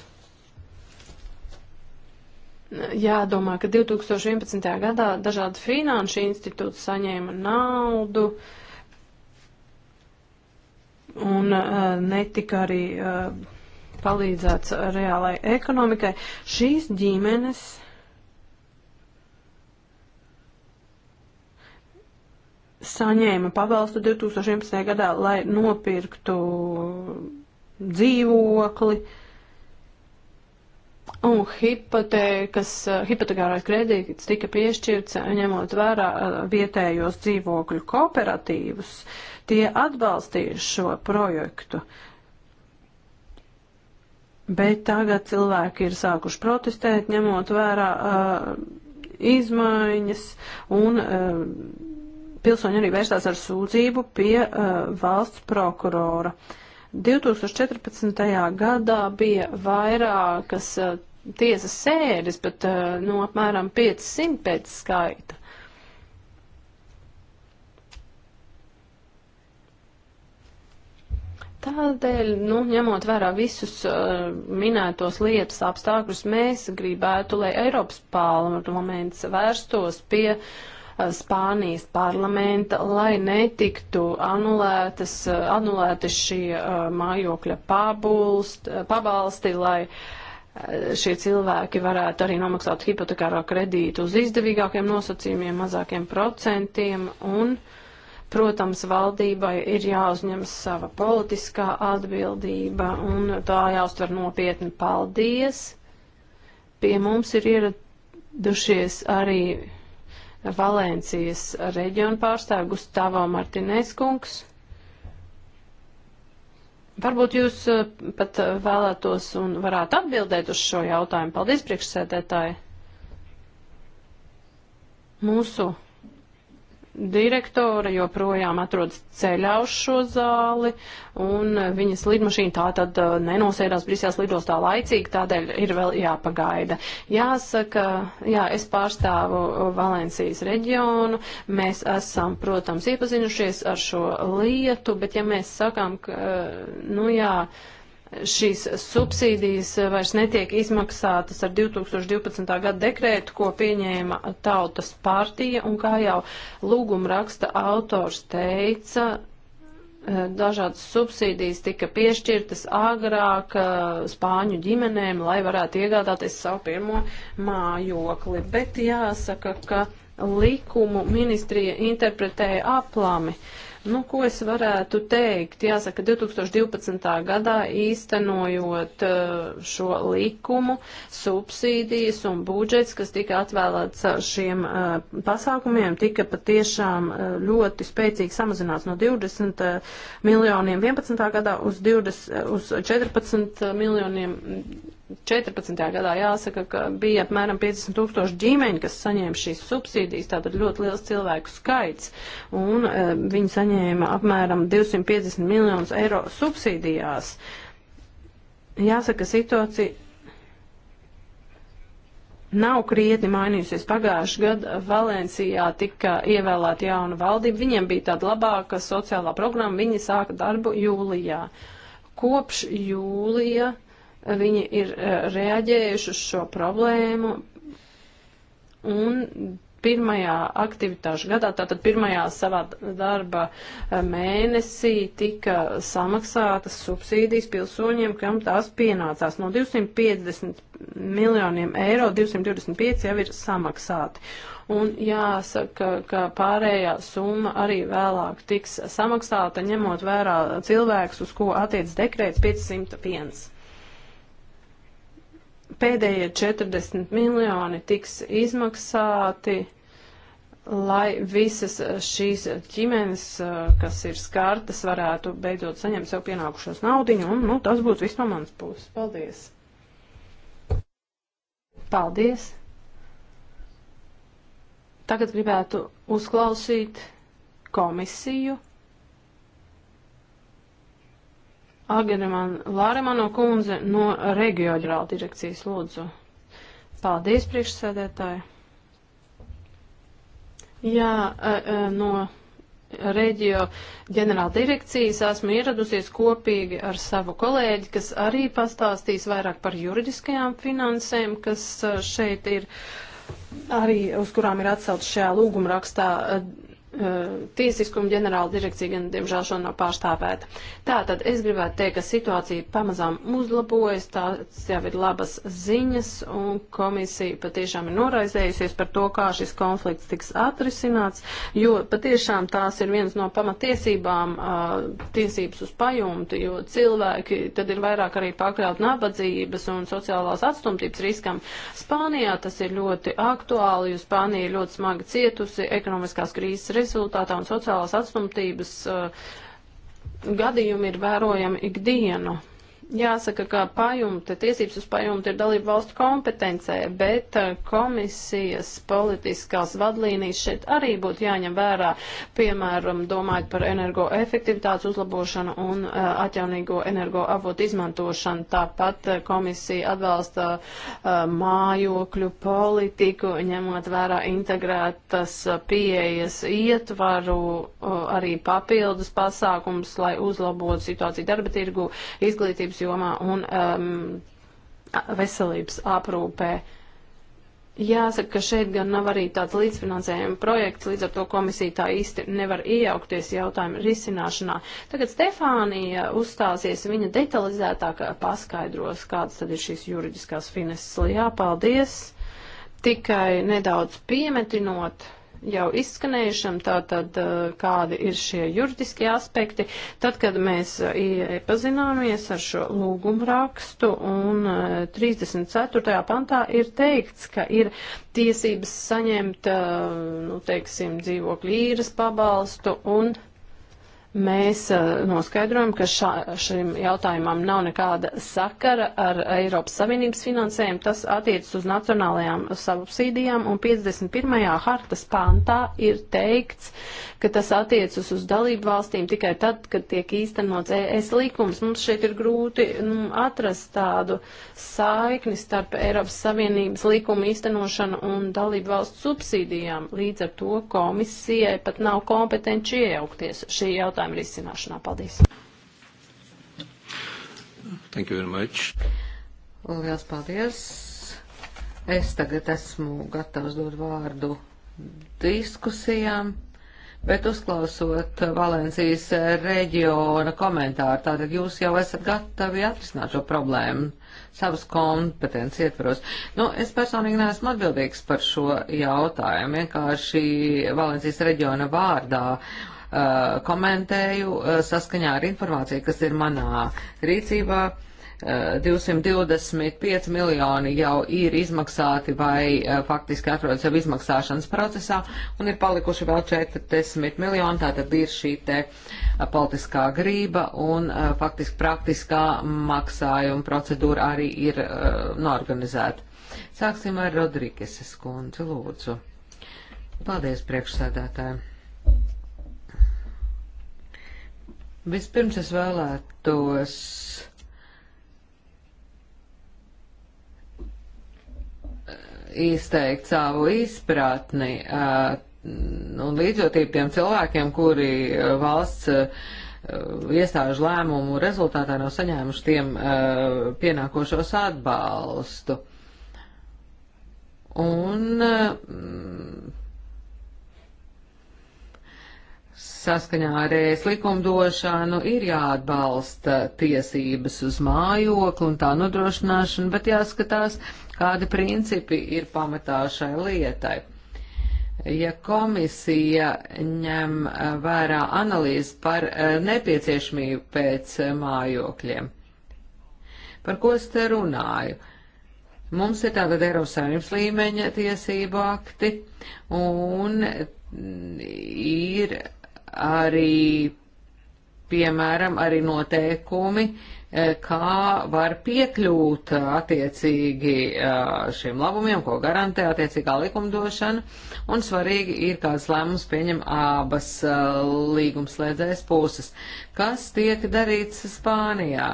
jādomā, ka 2011. gadā dažādi finanšu institūti saņēma naudu un uh, netika arī uh, palīdzēts reālai ekonomikai. Šīs ģimenes saņēma pabalstu 2011. gadā, lai nopirktu dzīvokli. Uh, Un hipotēkas, eh, hipotekārais kredīts tika piešķirts eh, ņemot vērā eh, vietējos dzīvokļu kooperatīvus. Tie atbalstīja šo projektu. Bet tagad cilvēki ir sākuši protestēt, ņemot vērā uh, izmaiņas un uh, pilsoņi arī vērstās ar sūdzību pie uh, valsts prokurora. Uh, 2014. gadā bija vairākas eh, tiesas sēdes, bet eh, no nu, apmēram 500 pēc skaita. Tādēļ, nu, ņemot vērā visus uh, minētos lietas apstākļus, mēs gribētu, lai Eiropas parlaments vērstos pie uh, Spānijas parlamenta, lai netiktu anulētas, anulēti šie uh, mājokļa pabulst, uh, pabalsti, lai uh, šie cilvēki varētu arī nomaksāt hipotekāro kredītu uz izdevīgākiem nosacījumiem, mazākiem procentiem un, protams, valdībai ir jāuzņemas sava politiskā atbildība un tā jāuztver nopietni paldies. Pie mums ir ieradušies arī Valencijas reģiona pārstāvi Gustavo Martinēs kungs. Varbūt jūs eh, pat eh, vēlētos un varētu atbildēt uz šo jautājumu. Paldies, priekšsēdētāji! Mūsu direktore joprojām atrodas ceļā uz šo zāli, un viņas lidmašīna tā tad uh, nenosēdās Briseles lidostā laicīgi, tādēļ ir vēl jāpagaida. Jāsaka, jā, es pārstāvu Valencijas reģionu, mēs esam, protams, iepazinušies ar šo lietu, bet ja mēs sakām, ka, uh, nu jā, uh, šīs subsīdijas vairs netiek izmaksātas ar 2012. gada dekrētu, ko pieņēma tautas partija, un kā jau lūguma raksta autors teica, eh, dažādas subsīdijas tika piešķirtas agrāk eh, spāņu ģimenēm, lai varētu iegādāties savu pirmo mājokli, bet jāsaka, ka likumu ministrija interpretēja aplami. Uh, Nu, ko es varētu teikt? Jāsaka, 2012. gadā īstenojot eh, šo likumu, subsīdijas un budžets, kas tika atvēlēts eh, šiem eh, pasākumiem, tika patiešām ļoti spēcīgi samazināts no 20 miljoniem 11. gadā uz, 20, uz 14 miljoniem 14. gadā jāsaka, ka bija apmēram 50 tūkstoši ģimeņi, kas saņēma šīs subsīdijas, tātad ļoti liels cilvēku skaits, un e, viņi saņēma apmēram 250 miljonus eiro subsīdijās. Jāsaka, situācija nav krietni mainījusies. Pagājuši gadu Valencijā tika ievēlēta jauna valdība, viņiem bija tāda labāka sociālā programma, viņi sāka darbu jūlijā. Kopš jūlija Viņi ir e, reaģējuši uz šo problēmu un pirmajā aktivitāšu gadā, tātad pirmajā savā darba e, mēnesī tika samaksātas subsīdijas pilsoņiem, kam tās pienācās. No 250 miljoniem eiro 225 jau ir samaksāti. Un jāsaka, ka pārējā summa arī vēlāk tiks samaksāta, ņemot vērā cilvēks, uz ko attiec dekrēts 501 pēdējie 40 miljoni tiks izmaksāti, lai visas šīs ģimenes, eh, kas ir skartas, varētu beidzot saņemt sev pienākušos naudiņu, un, nu, tas būtu viss no manas puses. Paldies! Paldies! Tagad gribētu uzklausīt komisiju. Agerman Lāremano kundze no reģioģerāla direkcijas lūdzu. Paldies, priekšsēdētāji. Jā, e, e, no reģio ģenerāla direkcijas esmu ieradusies kopīgi ar savu kolēģi, kas arī pastāstīs vairāk par juridiskajām finansēm, kas e, šeit ir arī, uz kurām ir atcelts šajā lūgumrakstā Eh, tiesiskuma ģenerāla direkcija gan, diemžēl, šo nav pārstāvēta. Tātad es gribētu teikt, ka situācija pamazām uzlabojas, tās jau ir labas ziņas, un komisija patiešām ir noraizējusies par to, kā šis konflikts tiks atrisināts, jo patiešām tās ir viens no pamatiesībām eh, tiesības uz pajumti, jo cilvēki tad ir vairāk arī pakļaut nabadzības un sociālās atstumtības riskam. Spānijā tas ir ļoti aktuāli, jo Spānija ir ļoti smagi cietusi ekonomiskās krīzes rezultātā rezultātā un sociālās atstumtības uh, gadījumi ir vērojami ikdienu. Jāsaka, ka pajumte, tiesības uz pajumte ir dalību valstu kompetencē, bet eh, komisijas politiskās vadlīnijas šeit arī būtu jāņem vērā, piemēram, domājot par energoefektivitātes uzlabošanu un uh, atjaunīgo energoavotu izmantošanu. Tāpat eh, komisija atbalsta uh, mājokļu politiku, ņemot vērā integrētas pieejas ietvaru, uh, arī papildus pasākums, lai uzlabotu situāciju darba tirgu, izglītības izglītības jomā un um, veselības aprūpē. Jāsaka, ka šeit gan nav arī tāds līdzfinansējuma projekts, līdz ar to komisija tā īsti nevar iejaukties jautājumu risināšanā. Tagad Stefānija uzstāsies, viņa detalizētāk paskaidros, kādas tad ir šīs juridiskās fineses. Jā, paldies! Tikai nedaudz piemetinot jau izskanējušam, tātad kādi ir šie juridiskie aspekti. Tad, kad mēs iepazināmies ar šo lūgumu rakstu un 34. pantā ir teikts, ka ir tiesības saņemt, nu, teiksim, dzīvokļu īres pabalstu un Mēs uh, noskaidrojam, ka šā, šim jautājumam nav nekāda sakara ar Eiropas Savienības finansējumu. Tas attiecas uz nacionālajām subsīdijām, un 51. hartas pantā ir teikts, ka tas attiecas uz dalību valstīm tikai tad, kad tiek īstenots ES likums. Mums šeit ir grūti nu, atrast tādu saikni starp Eiropas Savienības likumu īstenošanu un dalību valstu subsīdijām. Līdz ar to komisijai pat nav kompetenci iejaukties šī jautājuma risināšanā. Paldies! Thank you very much. Lielas paldies! Es tagad esmu gatavs dot vārdu diskusijām. Bet uzklausot Valencijas reģiona komentāru, tātad jūs jau esat gatavi atrisināt šo problēmu savas kompetences ietvaros. Nu, es personīgi neesmu atbildīgs par šo jautājumu, vienkārši Valencijas reģiona vārdā uh, komentēju uh, saskaņā ar informāciju, kas ir manā rīcībā. Uh, 225 eh, miljoni jau ir izmaksāti vai eh, faktiski atrodas jau izmaksāšanas procesā un ir palikuši vēl 40 miljoni, tātad ir šī te eh, politiskā grība un faktiski praktiskā maksājuma procedūra arī ir norganizēta. Sāksim ar Rodrīgeses kundzi, lūdzu. Paldies priekšsēdētājiem. Vispirms es vēlētos izteikt savu izpratni uh, un līdzjūtību tiem cilvēkiem, kuri valsts uh, iestāžu lēmumu rezultātā nav saņēmuši tiem uh, pienākošos atbalstu. Un saskaņā ar ēs likumdošanu ir jāatbalsta tiesības uz mājokli un tā nodrošināšana, bet jāskatās, uh, kādi principi ir pamatā šai lietai. Ja komisija ņem eh, vērā analīzi par eh, nepieciešamību pēc eh, mājokļiem, par ko es te runāju? Mums ir tātad Eiropas Savienības līmeņa tiesību akti, un mm, ir arī, piemēram, arī noteikumi E, kā var piekļūt e, attiecīgi e, šiem labumiem, ko garantē attiecīgā likumdošana, un svarīgi ir kāds lēmums pieņem abas līgumslēdzējas puses. Kas tiek darīts Spānijā?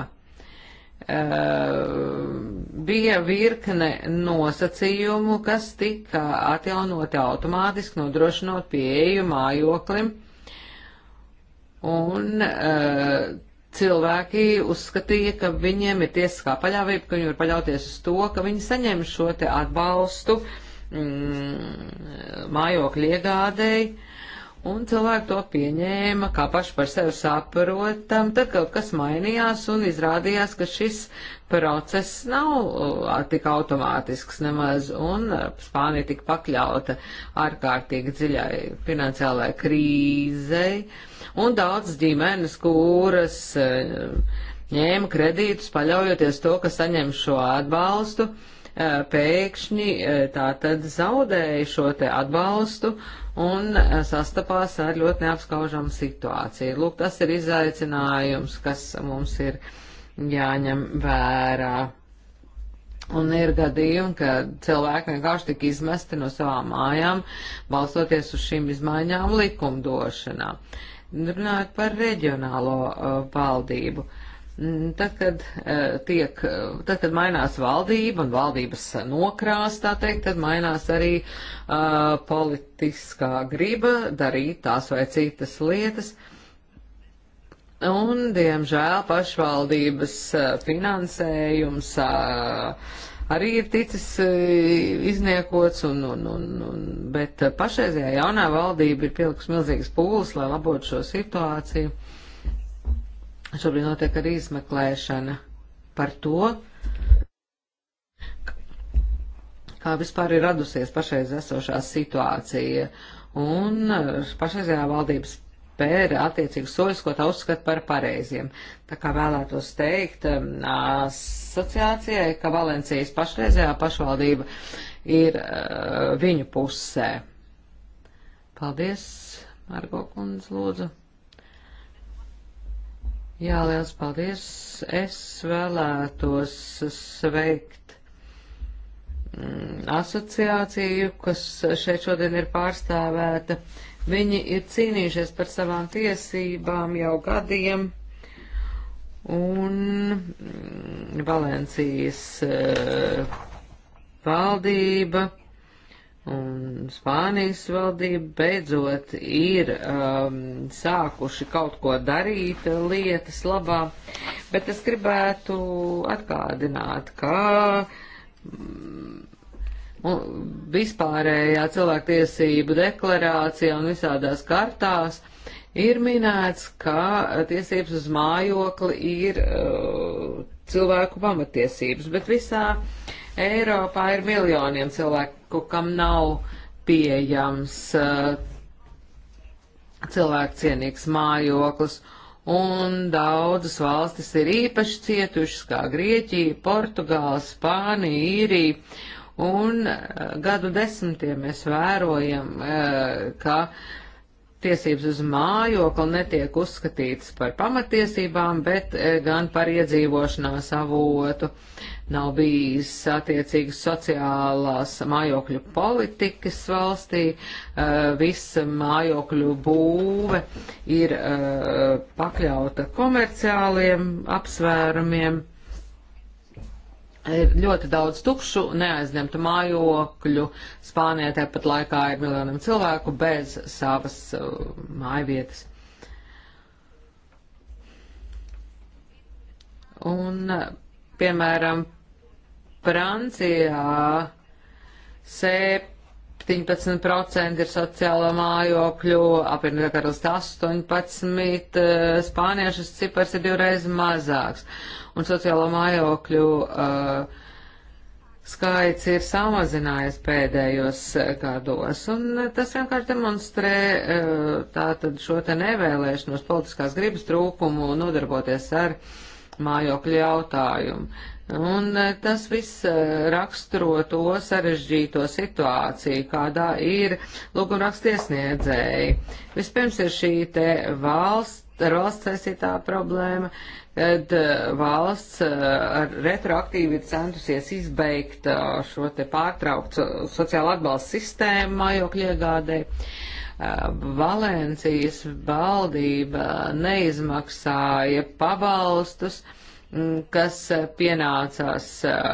Bija virkne nosacījumu, kas tika atjaunoti automātiski, nodrošinot pieeju mājoklim, un cilvēki uzskatīja, ka viņiem ir tiesiskā paļāvība, ka viņi var paļauties uz to, ka viņi saņem šo te atbalstu mm, mājokļu iegādēji. Un cilvēki to pieņēma kā paši par sevi saprotam, tad kaut kas mainījās un izrādījās, ka šis process nav uh, tik automātisks nemaz, un uh, Spānija tika pakļauta ārkārtīgi dziļai finansiālai krīzei. Uh, un daudz ģimenes, kuras e, ņēma kredītus, paļaujoties to, ka saņem šo atbalstu, e, pēkšņi e, tā tad zaudēja šo te atbalstu un sastapās ar ļoti neapskaužamu situāciju. Lūk, tas ir izaicinājums, kas mums ir jāņem vērā. Un ir gadījumi, ka cilvēki vienkārši tika izmesti no savām mājām, balstoties uz šīm izmaiņām likumdošanā. Uh, Runājot par reģionālo uh, valdību. Tad, kad, uh, tiek, uh, tad, kad mainās valdība un valdības nokrās, tā teikt, tad mainās arī uh, politiskā griba darīt tās vai citas lietas. Un, diemžēl, pašvaldības uh, finansējums. Uh, arī ir ticis eh, izniekots, un, un, un, un, bet pašreizējā jaunā valdība ir pielikus milzīgas pūles, lai labotu šo situāciju. Šobrīd notiek arī izmeklēšana par to, kā vispār ir radusies pašreiz esošā situācija. Un eh, pašreizējā valdības spēr attiecīgus soļus, ko tā uzskata par pareiziem. Tā kā vēlētos teikt um, asociācijai, ka Valencijas pašreizējā pašvaldība ir uh, viņu pusē. Paldies, Margo kundze, lūdzu. Jā, liels paldies. Es vēlētos sveikt mm, asociāciju, kas šeit šodien ir pārstāvēta. Uh, Viņi ir cīnījušies par savām tiesībām jau gadiem, un mm, Valencijas eh, valdība un Spānijas valdība beidzot ir um, sākuši kaut ko darīt eh, lietas labā, bet es gribētu atgādināt, ka mm, vispārējā cilvēktiesību deklarācijā un visādās kartās ir minēts, ka tiesības uz mājokli ir uh, cilvēku pamatiesības, bet visā Eiropā ir miljoniem cilvēku, kam nav pieejams uh, cilvēkcienīgs mājoklis, un daudzas valstis ir īpaši cietušas, kā Grieķija, Portugāla, Spānija, Īrija un eh, gadu desmitiem mēs vērojam, eh, ka tiesības uz mājokli netiek uzskatītas par pamatiesībām, bet eh, gan par iedzīvošanās avotu. Nav bijis attiecīgas sociālās mājokļu politikas valstī, visa mājokļu būve ir pakļauta komerciāliem apsvērumiem. Ir ļoti daudz tukšu, neaizņemtu mājokļu. Spānijā tāpat laikā ir miljoniem cilvēku bez savas uh, mājvietas. Un, piemēram, Francijā sep 17% ir sociālo mājokļu, apvienotā karalistē 18, eh, spāniešu cipars ir divreiz mazāks. Un sociālo mājokļu uh, skaits ir samazinājies pēdējos eh, gados. Un tas vienkārši demonstrē uh, tātad šo te nevēlēšanos politiskās gribas trūkumu nodarboties ar mājokļu jautājumu. Un e, tas viss e, raksturo to sarežģīto situāciju, kādā ir lūgumrakstiesniedzēji. Vispirms ir šī te valsts, ar valsts saistītā problēma, kad e, valsts ar retroaktīvi ir centusies izbeigt šo te pārtraukt sociālo atbalstu sistēmu mājokļu iegādē. Valencijas valdība neizmaksāja pabalstus. Uh, Mm, kas eh, pienācās eh,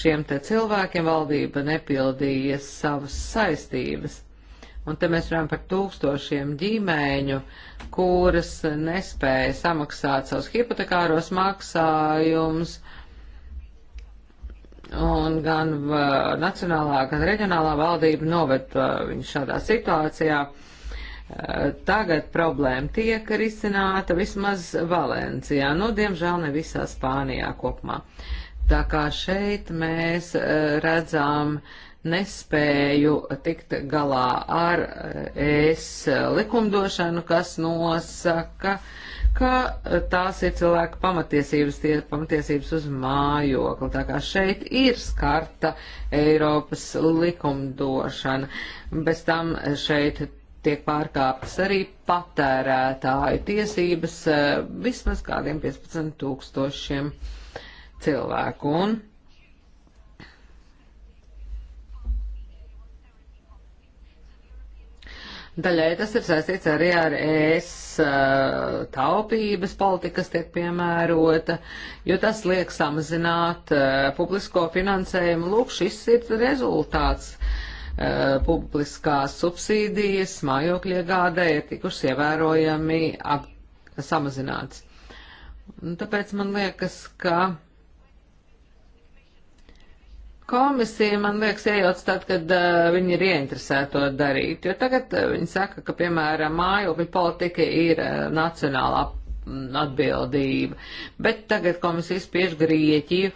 šiem te cilvēkiem, valdība nepildīja savas saistības. Un te mēs runājam par tūkstošiem ģimēņu, kuras nespēja samaksāt savus hipotekāros maksājumus, un gan eh, nacionālā, gan reģionālā valdība noved viņu šādā situācijā. Uh, Tagad problēma tiek risināta vismaz Valencijā, nu, diemžēl ne visā Spānijā kopumā. Tā kā šeit mēs eh, redzam nespēju tikt galā ar eh, es likumdošanu, kas nosaka, ka eh, tās ir cilvēka pamatiesības, tie ir pamatiesības uz mājokli. Tā kā šeit ir skarta Eiropas likumdošana. Bez tam šeit tiek pārkāptas arī patērētāju tiesības eh, vismaz kādiem 15 tūkstošiem cilvēku. Un Daļai tas ir saistīts arī ar ES eh, taupības politiku, kas tiek piemērota, jo tas liek samazināt eh, publisko finansējumu. Lūk, šis ir rezultāts Eh, publiskās subsīdijas mājokļu iegādē ir tikušas ievērojami ap, samazināts. Un tāpēc man liekas, ka komisija, man liekas, iejauc tad, kad uh, viņi ir ieinteresēti to darīt, jo tagad uh, viņi saka, ka, piemēram, mājokļu politika ir uh, nacionālā atbildība. Bet tagad komisija spiež Grieķiju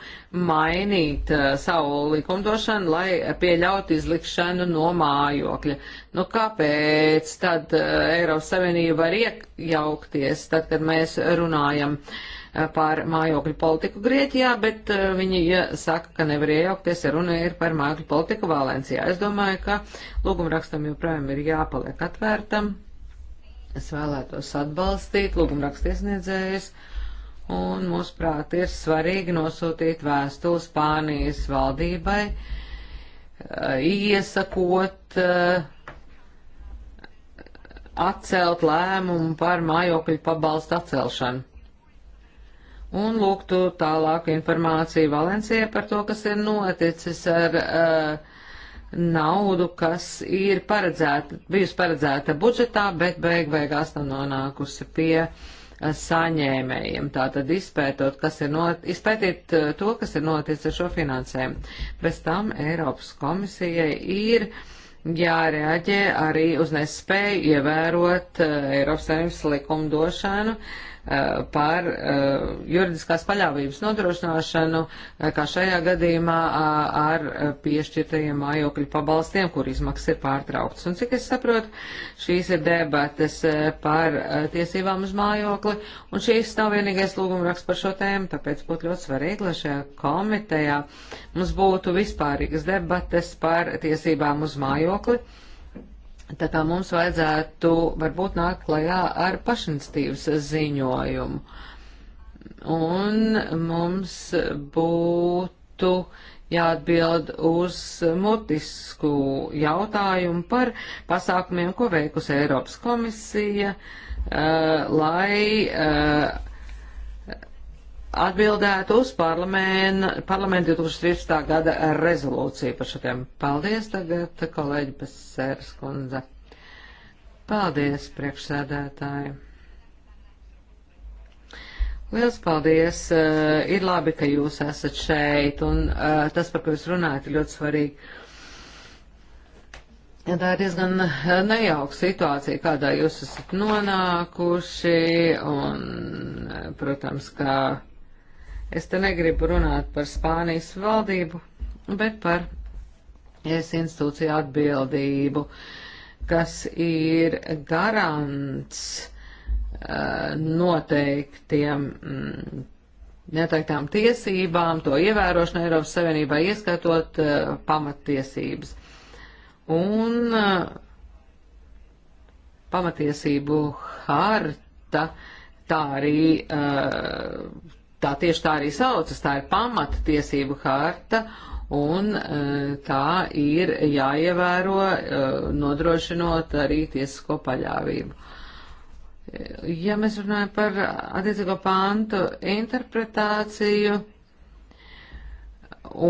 mainīt uh, savu likumdošanu, lai pieļautu izlikšanu no mājokļa. Nu kāpēc tad uh, Eiropas Savienība var iekļaukties, tad, kad mēs runājam uh, par mājokļu politiku Grieķijā, bet uh, viņi ja saka, ka nevar iejaukties, ja runa ir par mājokļu politiku Valencijā. Es domāju, ka lūgumrakstam joprojām ir jāpaliek atvērtam. Es vēlētos atbalstīt lūgumrakstiesniedzējus un mūsuprāt ir svarīgi nosūtīt vēstuli Spānijas valdībai, eh, iesakot eh, atcelt lēmumu par mājokļu pabalstu atcelšanu. Un lūgtu tālāku informāciju Valencijai par to, kas ir noticis ar uh, naudu, kas ir paredzēta, bijusi paredzēta budžetā, bet beig beigās nav nonākusi pie saņēmējiem. Tātad izpētot, kas ir not, izpētiet to, kas ir noticis ar šo finansējumu. Bez tam Eiropas komisijai ir jārēģē arī uz nespēju ievērot Eiropas saimnes likumdošanu. Uh, Eh, par eh, juridiskās paļāvības nodrošināšanu, eh, kā šajā gadījumā ar piešķirtajiem mājokļu pabalstiem, kur izmaksas ir pārtrauktas. Un cik es saprotu, šīs ir debates par tiesībām uz mājokli, un šīs nav vienīgais lūgumraksts par šo tēmu, tāpēc būtu ļoti svarīgi, lai šajā komitejā mums būtu vispārīgas debates par tiesībām uz mājokli. Tā kā mums vajadzētu varbūt nākt klajā ar pašinstīvas ziņojumu. Un mums būtu jāatbild uz mutisku jautājumu par pasākumiem, ko veikusi Eiropas komisija, uh, lai uh, atbildētu uz parlamentu parlament 2013. gada rezolūciju par šo tēmu. Paldies tagad, kolēģi Besēras kundze. Paldies, priekšsēdētāji. Liels paldies! Uh, ir labi, ka jūs esat šeit, un uh, tas, par ko jūs runājat, ir ļoti svarīgi. Ja tā ir diezgan eh, nejauka situācija, kādā jūs esat nonākuši, un, protams, ka Es te negribu runāt par Spānijas valdību, bet par es institūciju atbildību, kas ir garants uh, noteiktiem, mm, noteiktām tiesībām, to ievērošanu Eiropas Savienībā, ieskatot uh, eh, pamatiesības. Un uh, pamatiesību harta tā arī uh, tā tieši tā arī saucas, tā ir pamata tiesību harta, un eh, tā ir jāievēro, eh, nodrošinot arī tiesisko paļāvību. Eh, ja mēs runājam par attiecīgo pāntu interpretāciju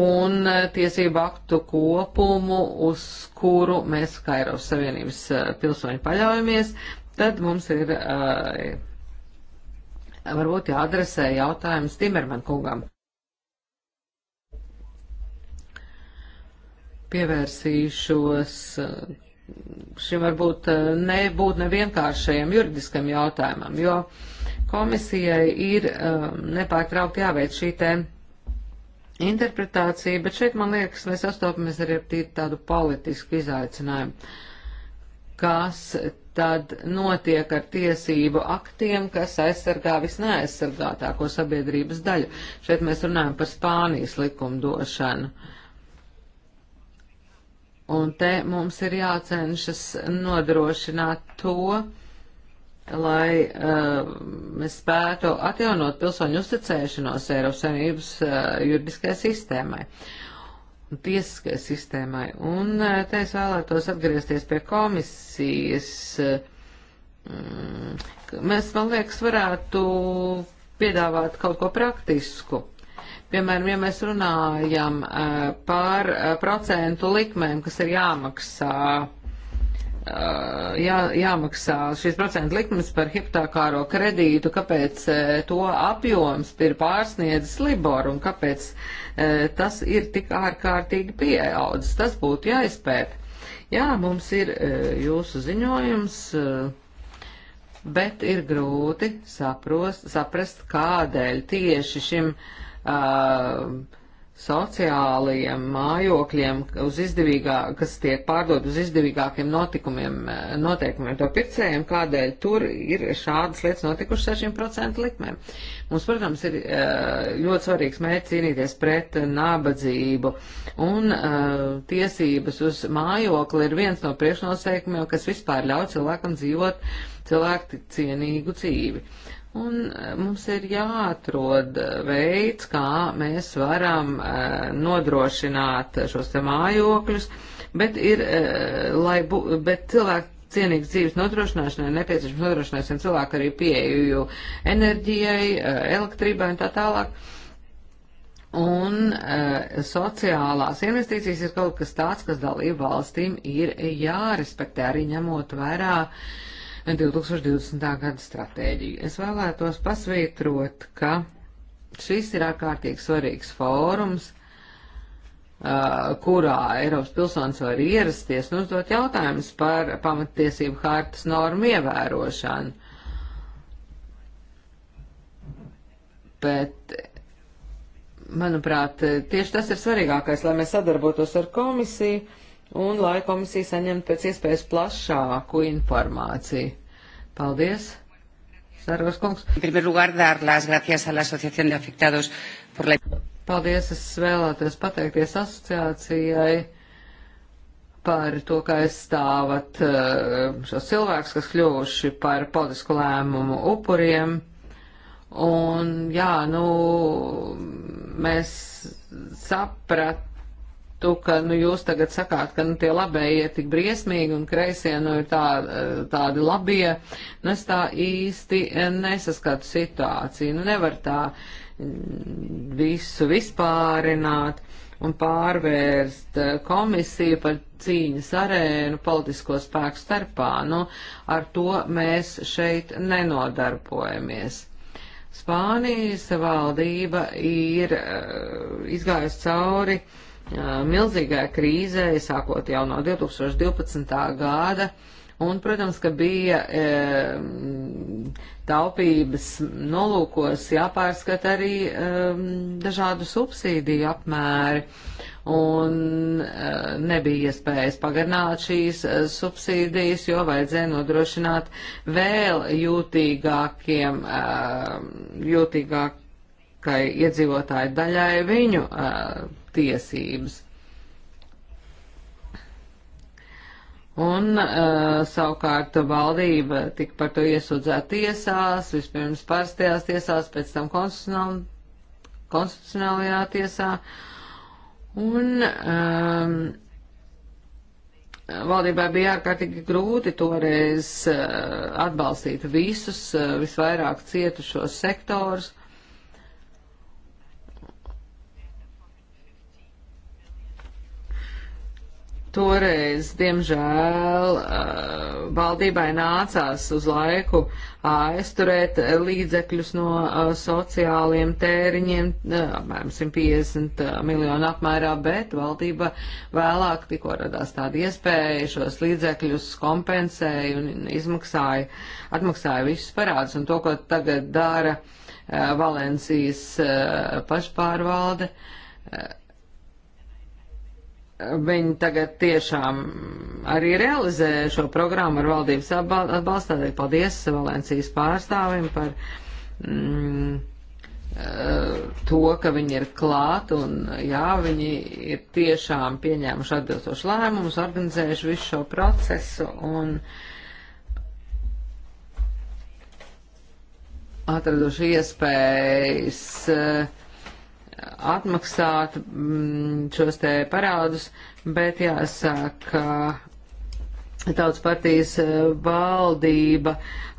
un tiesību aktu kopumu, uz kuru mēs, kā Eiropas Savienības pilsoņi, paļaujamies, tad mums ir uh, varbūt jāadresē jautājums Timerman kungam. Pievērsīšos eh, šim varbūt eh, nebūtu nevienkāršajam juridiskam jautājumam, jo komisijai ir eh, nepārtraukti jāveic šī te interpretācija, bet šeit, man liekas, mēs sastopamies arī ar tādu politisku izaicinājumu, kas tad notiek ar tiesību aktiem, kas aizsargā visneaizsargātāko sabiedrības daļu. Šeit mēs runājam par Spānijas likumdošanu. Un te mums ir jācenšas nodrošināt to, lai uh, mēs spētu atjaunot pilsoņu uzticēšanos Eiropas Savienības uh, juridiskai sistēmai. Uh, tiesiskai sistēmai. Un eh, te es vēlētos atgriezties pie komisijas. Eh, mm, mēs, man liekas, varētu piedāvāt kaut ko praktisku. Piemēram, ja mēs runājam eh, par procentu likmēm, kas ir jāmaksā jā, jāmaksā šīs procentu likmes par hipotekāro kredītu, kāpēc to apjoms ir pārsniedzis Libor un kāpēc tas ir tik ārkārtīgi pieaudzis. Tas būtu jāizpēta. Jā, mums ir jūsu ziņojums, bet ir grūti saprast, saprast kādēļ tieši šim uh, sociālajiem mājokļiem, uz izdevīgā, kas tiek pārdot uz izdevīgākiem notikumiem, eh, noteikumiem to pircējiem, kādēļ tur ir šādas lietas notikušas ar šīm procentu likmēm. Mums, protams, ir eh, ļoti svarīgs mērķis cīnīties pret nabadzību, un eh, tiesības uz mājokli ir viens no priekšnoteikumiem, kas vispār ļauj cilvēkam dzīvot cilvēku cienīgu dzīvi. Un e, mums ir jāatrod e, veids, kā mēs varam e, nodrošināt šos te mājokļus, bet, ir, lai, bu, bet cilvēku cienīgas dzīves nodrošināšanai nepieciešams nodrošināsim cilvēku arī pieeju enerģijai, elektrībai un tā tālāk. Un e, sociālās investīcijas ir kaut kas tāds, kas dalību valstīm ir jārespektē arī ņemot vairāk 2020. gada stratēģiju. Es vēlētos pasvītrot, ka šis ir ārkārtīgi svarīgs fórums, Uh, kurā Eiropas pilsonis var ierasties un uzdot jautājumus par pamatiesību hārtas normu ievērošanu. Bet, manuprāt, tieši tas ir svarīgākais, lai mēs sadarbotos ar komisiju un lai komisija saņemtu pēc iespējas plašāku informāciju. Paldies! Saros kungs. Paldies, es vēlētos pateikties asociācijai par to, ka aizstāvat eh, šos cilvēkus, kas kļuvuši par politisku lēmumu upuriem. Un jā, nu, mēs saprat, to, ka nu, jūs tagad sakāt, ka nu, tie labējie ir tik briesmīgi un kreisie nu, ir tā, tādi labie. Nu, es tā īsti nesaskatu situāciju. Nu, nevar tā visu vispārināt un pārvērst komisiju par cīņas arēnu politisko spēku starpā. Nu, ar to mēs šeit nenodarbojamies. Spānijas valdība ir uh, izgājusi cauri uh, milzīgai krīzē, sākot jau no 2012. gada. Un, protams, ka bija e, taupības nolūkos jāpārskata arī e, dažādu subsīdiju apmēri, un e, nebija iespējas pagarināt šīs e, subsīdijas, jo vajadzēja nodrošināt vēl jūtīgākiem, e, jūtīgākai iedzīvotāju daļai viņu. E, tiesības. Un uh, savukārt valdība tika par to iesūdzēta tiesās, vispirms parastajās tiesās, pēc tam konstitucionāl, konstitucionālajā tiesā. Un um, valdībai bija ārkārtīgi grūti toreiz uh, atbalstīt visus, uh, visvairāk cietušos sektorus. Toreiz, diemžēl, eh, valdībai nācās uz laiku aizturēt līdzekļus no eh, sociāliem tēriņiem, eh, apmēram 150 miljonu apmērā, bet valdība vēlāk tikko radās tāda iespēja šos līdzekļus kompensēja un izmaksāja, atmaksāja visus parādus un to, ko tagad dara Valencijas pašpārvalde viņi tagad tiešām arī realizē šo programmu ar valdības atbalstu. Tādēļ paldies Valencijas pārstāvim par. Mm, eh, to, ka viņi ir klāt un jā, viņi ir tiešām pieņēmuši atbilstošu lēmumus, organizējuši visu šo procesu un atraduši iespējas uh, atmaksāt mm, šos te parādus, bet jāsaka, Tautas partijas e, valdība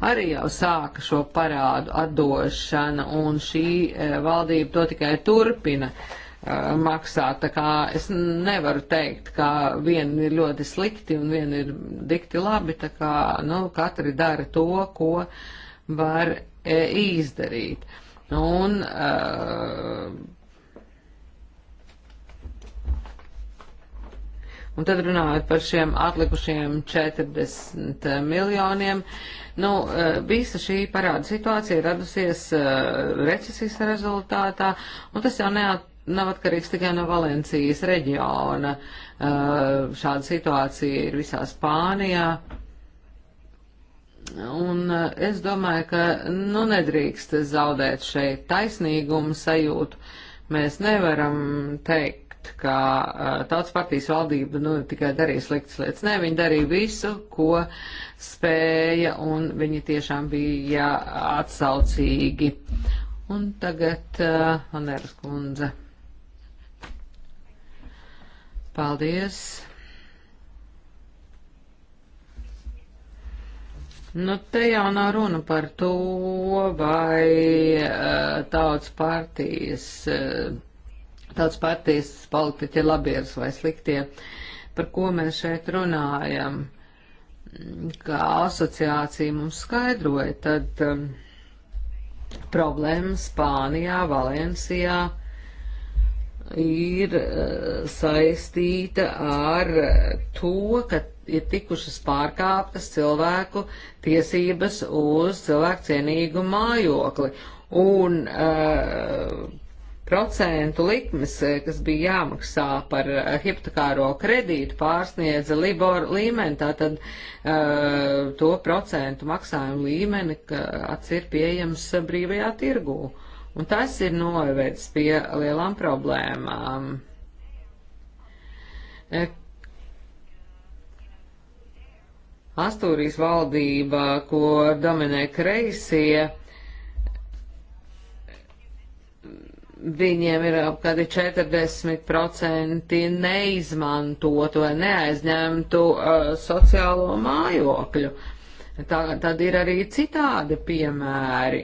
arī jau sāka šo parādu atdošanu, un šī e, valdība to tikai turpina e, maksāt. Tā kā es nevaru teikt, ka viena ir ļoti slikti un viena ir dikti labi, tā kā, nu, katri dara to, ko var izdarīt. Un, uh, Un tad runājot par šiem atlikušiem 40 miljoniem, nu, e, visa šī parāda situācija radusies e, recesijas rezultātā, un tas jau neat, nav atkarīgs tikai no Valencijas reģiona. E, šāda situācija ir visā Spānijā. Un es domāju, ka nu nedrīkst zaudēt šeit taisnīgumu sajūtu. Mēs nevaram teikt, ka uh, tautas partijas valdība nu, tikai darīja sliktas lietas. Nē, viņi darīja visu, ko spēja, un viņi tiešām bija atsaucīgi. Un tagad uh, eh, Aneras kundze. Paldies! Nu, te jau nav runa par to, vai uh, tautas partijas uh, tautas partijas politiķi ir labieris vai sliktie, par ko mēs šeit runājam, kā asociācija mums skaidroja, tad um, problēma Spānijā, Valencijā ir uh, saistīta ar to, ka ir tikušas pārkāptas cilvēku tiesības uz cilvēku cienīgu mājokli. Un uh, procentu likmes, eh, kas bija jāmaksā par eh, hipotekāro kredītu, pārsniedza Libor līmeni, tātad uh, to procentu maksājumu līmeni, kas ir pieejams brīvajā tirgū. Un tas ir novedis pie lielām problēmām. Astūrijas valdība, ko dominē kreisie, viņiem ir apmēram 40% neizmantotu vai neaizņemtu uh, sociālo mājokļu. Tā, tad ir arī citādi piemēri.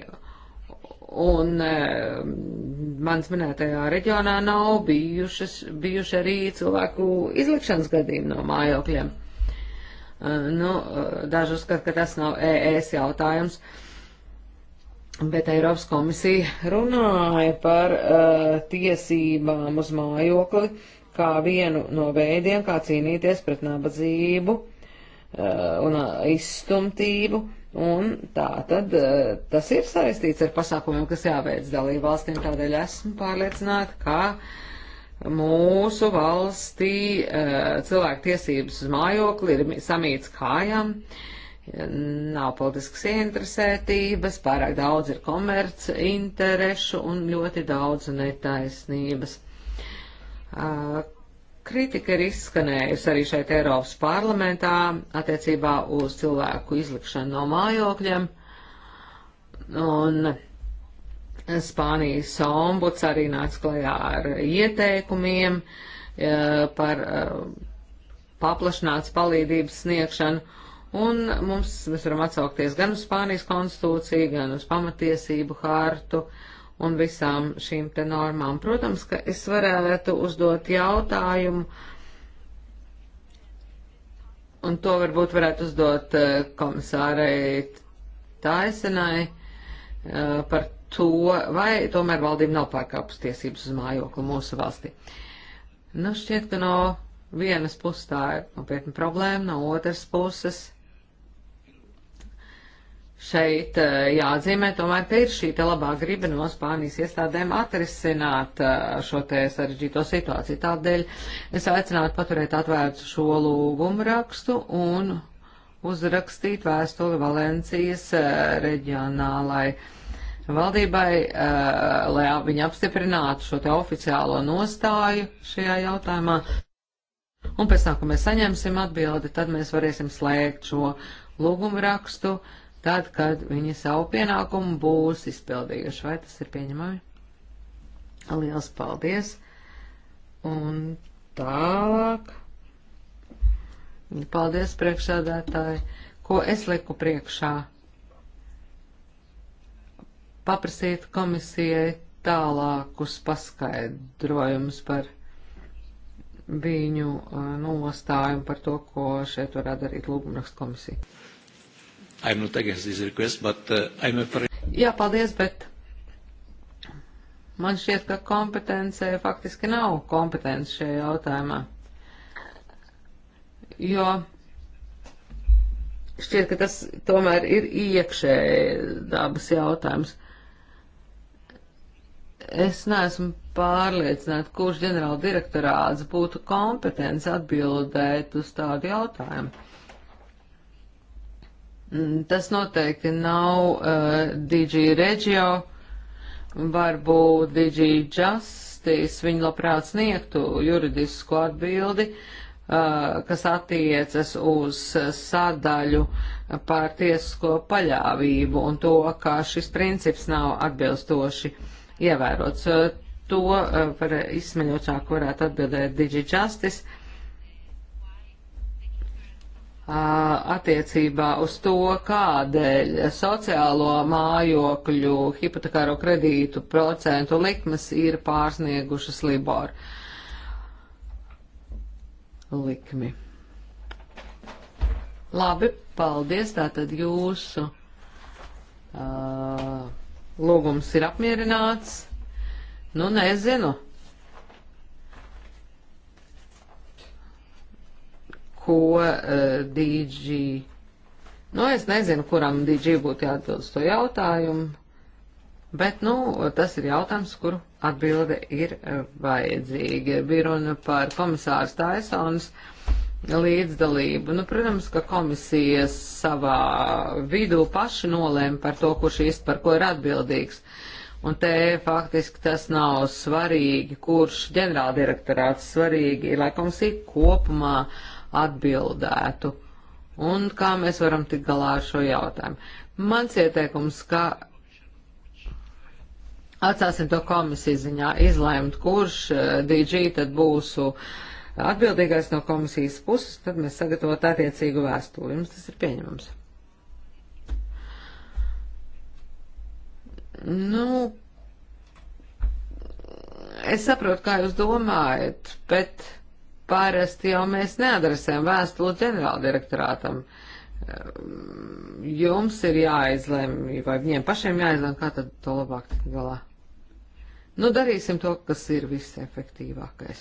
Un uh, mans minētajā reģionā nav bijušas, bijuši arī cilvēku izlikšanas gadījumi no mājokļiem. Uh, nu, uh, daži uzskata, ka tas nav ES jautājums. Uh, Bet Eiropas komisija runāja par uh, tiesībām uz mājokli kā vienu no veidiem, kā cīnīties pret nabadzību uh, un uh, izstumtību. Un tā tad uh, tas ir saistīts ar pasākumiem, kas jāveic dalību valstīm. Tādēļ esmu pārliecināta, ka mūsu valstī uh, cilvēku tiesības uz mājokli ir samīts kājām. Uh, nav politiskas interesētības, pārāk daudz ir komerc interešu un ļoti daudz netaisnības. Kritika ir izskanējusi arī šeit Eiropas parlamentā attiecībā uz cilvēku izlikšanu no mājokļiem, un Spānijas ombuds arī nāca klajā ar ieteikumiem par paplašināts palīdzības sniegšanu Un mums, mēs varam atsaukties gan uz Spānijas konstitūciju, gan uz pamatiesību hārtu un visām šīm te normām. Protams, ka es varētu uzdot jautājumu, un to varbūt varētu uzdot eh, komisārai Taisenai eh, par to, vai tomēr valdība nav pārkāpus tiesības uz mājokli mūsu valstī. Nu, šķiet, ka no vienas puses tā ir nopietna problēma, no otras puses šeit eh, jāatzīmē tomēr, ka ir šī te labā griba no Spānijas iestādēm atrisināt eh, šo te sarežģīto situāciju. Tādēļ es aicinātu paturēt atvērtu šo lūgumu rakstu un uzrakstīt vēstuli Valencijas eh, reģionālai valdībai, lai viņi apstiprinātu šo te oficiālo nostāju šajā jautājumā. Un pēc tam, kad mēs saņemsim atbildi, tad mēs varēsim slēgt šo lūgumu rakstu. Uh, tad, kad viņi savu pienākumu būs izpildījuši. Vai tas ir pieņemami? Liels paldies! Un tālāk. Paldies priekšādātāji, ko es lieku priekšā. Paprasīt komisijai tālākus paskaidrojumus par viņu uh, nostājumu par to, ko šeit varētu darīt lūgumrakstu komisija. I'm not against this request, but uh, I'm afraid. Jā, paldies, bet man šķiet, ka kompetence faktiski nav kompetence šajā jautājumā. Jo šķiet, ka tas tomēr ir iekšēji dabas jautājums. Es neesmu pārliecināta, kurš ģenerāla direktorāts būtu kompetents atbildēt uz tādu jautājumu. Mm, tas noteikti nav uh, eh, DG Regio, varbūt DG Justice, viņi labprāt sniegtu juridisku atbildi, uh, kas attiecas uz eh, sadaļu par tiesisko paļāvību un to, kā šis princips nav atbilstoši ievērots. To uh, par izsmeļošāku varētu atbildēt DG Justice attiecībā uz to, kādēļ sociālo mājokļu hipotekāro kredītu procentu likmes ir pārsniegušas Libor likmi. Labi, paldies. Tātad jūsu uh, lūgums ir apmierināts. Nu, nezinu. ko uh, eh, DG. Nu, es nezinu, kuram DG būtu jāatbild uz to jautājumu, bet, nu, tas ir jautājums, kuru atbilde ir eh, vajadzīga. Bija runa par komisārs Taisons līdzdalību. Nu, protams, ka komisijas savā vidū paši nolēma par to, kurš īsti par ko ir atbildīgs. Un te faktiski tas nav svarīgi, kurš ģenerāldirektorāts svarīgi ir, lai komisija kopumā uh, atbildētu. Un kā mēs varam tikt galā ar šo jautājumu? Mans ieteikums, ka atstāsim to komisijas ziņā izlēmt, kurš eh, DG tad būsu atbildīgais no komisijas puses, tad mēs sagatavot attiecīgu vēstuli. Jums tas ir pieņemams. Nu, es saprotu, kā jūs domājat, bet parasti jau mēs neadresējam vēstuli ģenerāldirektorātam. Ehm, jums ir jāizlem, vai viņiem pašiem jāizlem, kā tad to labāk tikt galā. Nu, darīsim to, kas ir visefektīvākais.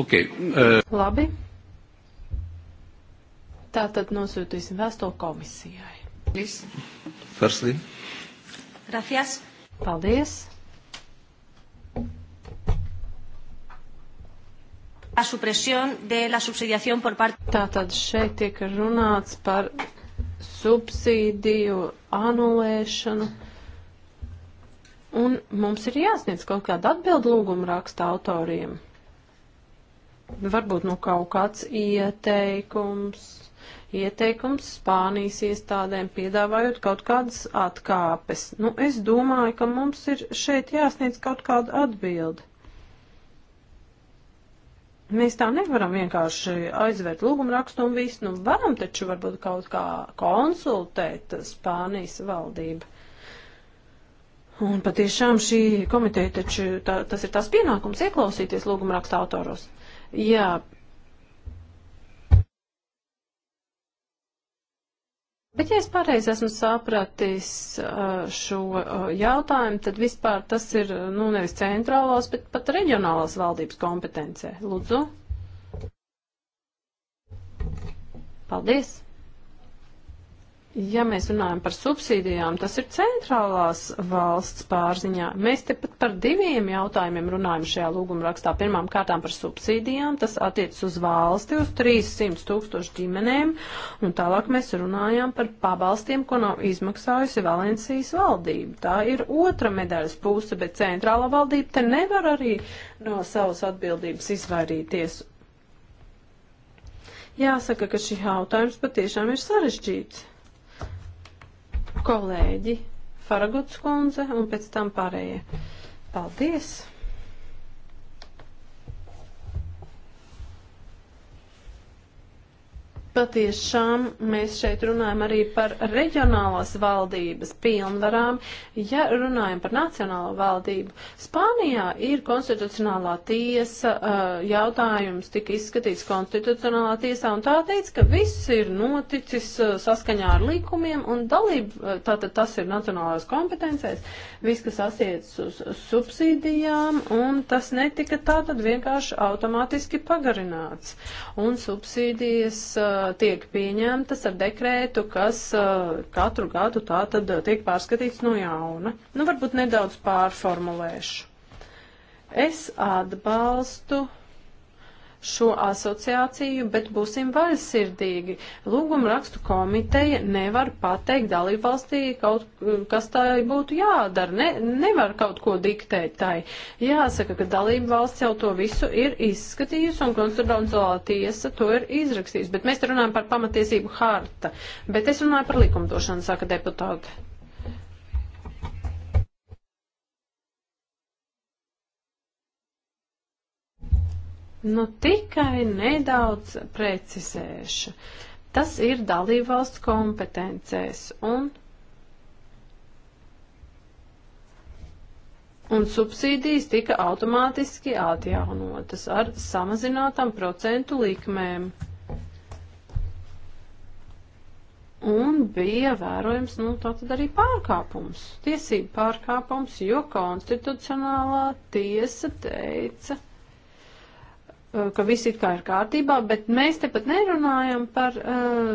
Okay, uh... Labi. Tā tad nosūtīsim vēstuli komisijai. Firstly. Gracias. Paldies. la supresión de la subsidiación por parte. Tātad šeit tiek runāts par subsīdiju anulēšanu. Un mums ir jāsniedz kaut kāda atbildu lūguma raksta autoriem. Varbūt nu kaut kāds ieteikums, ieteikums Spānijas iestādēm piedāvājot kaut kādas atkāpes. Nu, es domāju, ka mums ir šeit jāsniedz kaut kāda atbildi. Mēs tā nevaram vienkārši aizvērt lūgumu rakstu un visu. Nu, varam taču varbūt kaut kā konsultēt Spānijas valdību. Un patiešām šī komiteja taču, tā, tas ir tās pienākums ieklausīties lūgumu rakstu autoros. Jā, Bet, ja es pareizi esmu sapratis uh, šo uh, jautājumu, tad vispār tas ir, uh, nu, nevis centrālās, bet pat reģionālās valdības kompetencē. Lūdzu. Paldies. Ja mēs runājam par subsīdijām, tas ir centrālās valsts pārziņā. Mēs te pat par diviem jautājumiem runājam šajā lūguma rakstā. Pirmām kārtām par subsīdijām, tas attiecas uz valsti, uz 300 tūkstošu ģimenēm, un tālāk mēs runājam par pabalstiem, ko nav izmaksājusi Valencijas valdība. Tā ir otra medaļas puse, bet centrāla valdība te nevar arī no savas atbildības izvairīties. Jāsaka, ka šī jautājums patiešām ir sarežģīts kolēģi Faraguts kundze un pēc tam pārējie. Paldies! Patiešām mēs šeit runājam arī par reģionālās valdības pilnvarām. Ja runājam par nacionālo valdību, Spānijā ir konstitucionālā tiesa, eh, jautājums tika izskatīts konstitucionālā tiesā, un tā teica, ka viss ir noticis eh, saskaņā ar likumiem, un dalība, eh, tātad tas ir nacionālās kompetencēs, viss, kas asiecas uz subsīdijām, un tas netika tātad vienkārši automātiski pagarināts. Un subsīdijas uh, tiek pieņemtas ar dekrētu, kas katru gadu tā tad tiek pārskatīts no jauna. Nu, varbūt nedaudz pārformulēšu. Es atbalstu uh, šo asociāciju, bet būsim vaļsirdīgi. Lūguma rakstu komiteja nevar pateikt dalībvalstī kaut, kas tai būtu jādara, ne, nevar kaut ko diktēt tai. Jāsaka, ka dalībvalsts jau to visu ir izskatījusi un konstitucionālā tiesa to ir izrakstījusi, bet mēs runājam par pamatiesību harta, bet es runāju par likumdošanu, saka deputāte. Nu, tikai nedaudz precizēšu. Tas ir dalībvalsts kompetencēs un, un subsīdijas tika automātiski atjaunotas ar samazinātām procentu likmēm. Un bija vērojams, nu, tā tad arī pārkāpums, tiesību pārkāpums, jo konstitucionālā tiesa teica, Eh, ka viss it kā ir kārtībā, bet mēs te pat nerunājam par uh,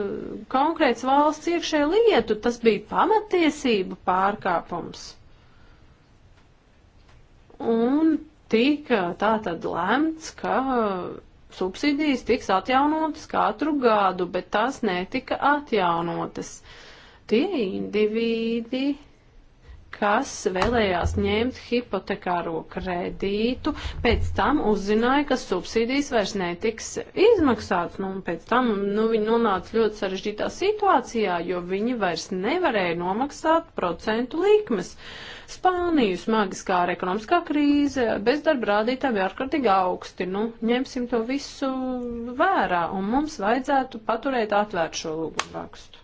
konkrēts valsts iekšēju lietu. Tas bija pamatiesību pārkāpums. Un tika tā tad lemts, ka eh, subsīdijas tiks atjaunotas katru gadu, bet tās netika atjaunotas. Tie indivīdi kas vēlējās ņemt hipotekāro kredītu, pēc tam uzzināja, ka subsīdijas vairs netiks izmaksāts. Nu, pēc tam nu, viņi nonāca ļoti sarežģītā situācijā, jo viņi vairs nevarēja nomaksāt procentu likmes. Spāniju smagi skāra ekonomiskā krīze, bezdarba rādītāji bija ārkārtīgi augsti. Nu, ņemsim to visu vērā, un mums vajadzētu paturēt atvērt šo lūgumu rakstu.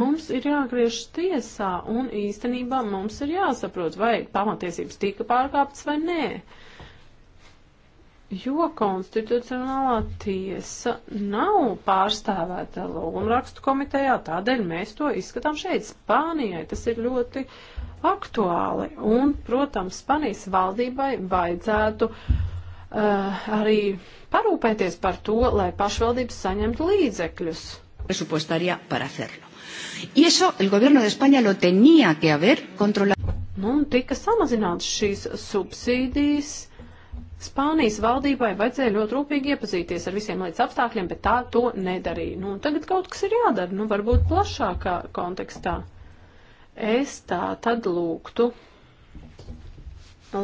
mums ir jāgriežas tiesā un īstenībā mums ir jāsaprot, vai pamatiesības tika pārkāptas vai nē. Jo konstitucionālā tiesa nav pārstāvēta lūgumrakstu komitejā, tādēļ mēs to izskatām šeit. Spānijai tas ir ļoti aktuāli. Un, protams, Spānijas valdībai vajadzētu uh, arī parūpēties par to, lai pašvaldības saņemtu līdzekļus. Presupuestaria para hacerlo. Y eso el gobierno de España lo tenía que haber controlado. Nu, tika samazināts šīs subsīdijas. Spānijas valdībai vajadzēja ļoti rūpīgi iepazīties ar visiem līdz apstākļiem, bet tā to nedarīja. Nu, tagad kaut kas ir jādara, nu, varbūt plašākā kontekstā. Es tā tad lūgtu,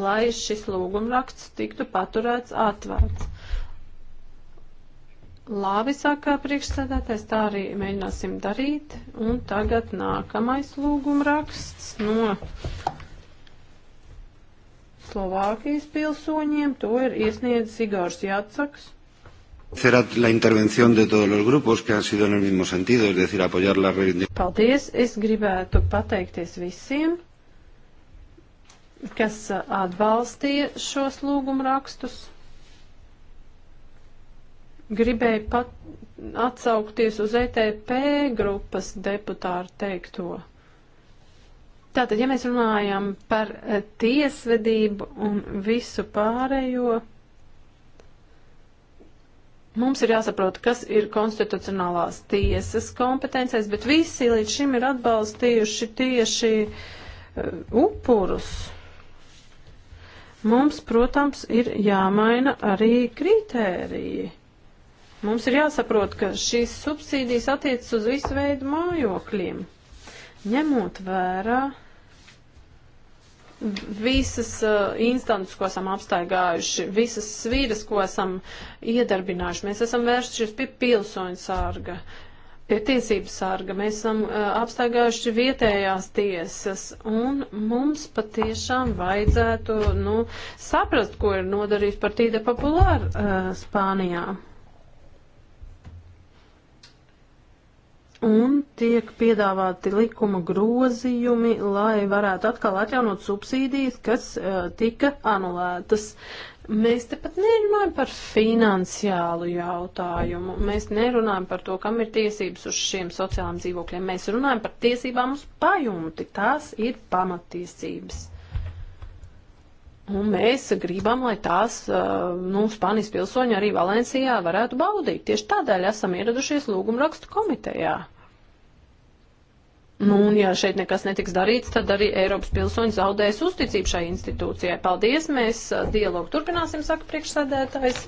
lai šis lūgumraksts tiktu paturēts atvērts. Labi, saka priekšsēdētājs, tā arī mēģināsim darīt. Un tagad nākamais lūgumraksts no Slovākijas pilsoņiem. To ir iesniedzis Igors Jācaks. Será la intervención de todos los grupos que han sido en el mismo sentido, es decir, apoyar la reivindicación. Paldies, es gribētu pateikties visiem, kas atbalstīja šos lūgumrakstus. rakstus. Gribēju pat atsaukties uz ETP grupas deputāru teikto. Tātad, ja mēs runājam par eh, tiesvedību un visu pārējo, mums ir jāsaprot, kas ir konstitucionālās tiesas kompetencijas, bet visi līdz šim ir atbalstījuši tieši eh, upurus. Mums, protams, ir jāmaina arī kritēriji. Mums ir jāsaprot, ka šīs subsīdijas attiecas uz visu veidu mājokļiem, ņemot vērā visas uh, instantus, ko esam apstaigājuši, visas svīras, ko esam iedarbinājuši. Mēs esam vērsušies pie pilsoņu sārga, pie tiesības sārga, mēs esam uh, apstaigājuši vietējās tiesas, un mums patiešām vajadzētu, nu, saprast, ko ir nodarījis partīda populāra uh, Spānijā. un tiek piedāvāti likuma grozījumi, lai varētu atkal atjaunot subsīdijas, kas uh, tika anulētas. Mēs te pat nerunājam par finansiālu jautājumu. Mēs nerunājam par to, kam ir tiesības uz šiem sociālām dzīvokļiem. Mēs runājam par tiesībām uz pajumti. Tās ir pamatiesības. Un mēs gribam, lai tās, eh, nu, Spānijas pilsoņi arī Valencijā varētu baudīt. Tieši tādēļ esam ieradušies lūgumrakstu komitejā. Nu, un ja šeit nekas netiks darīts, tad arī Eiropas pilsoņi zaudēs uzticību šai institūcijai. Paldies, mēs eh, dialogu turpināsim, saka priekšsēdētājs.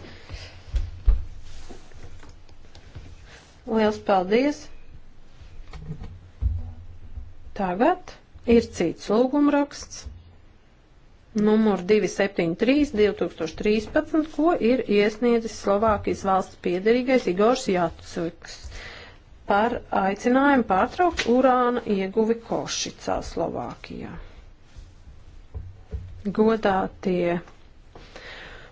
Liels paldies. Tagad ir cits lūgumraksts numur 273 2013, ko ir iesniedzis Slovākijas valsts piederīgais Igors Jācviks par aicinājumu pārtraukt urāna ieguvi Košicā, Slovākijā. Godā tie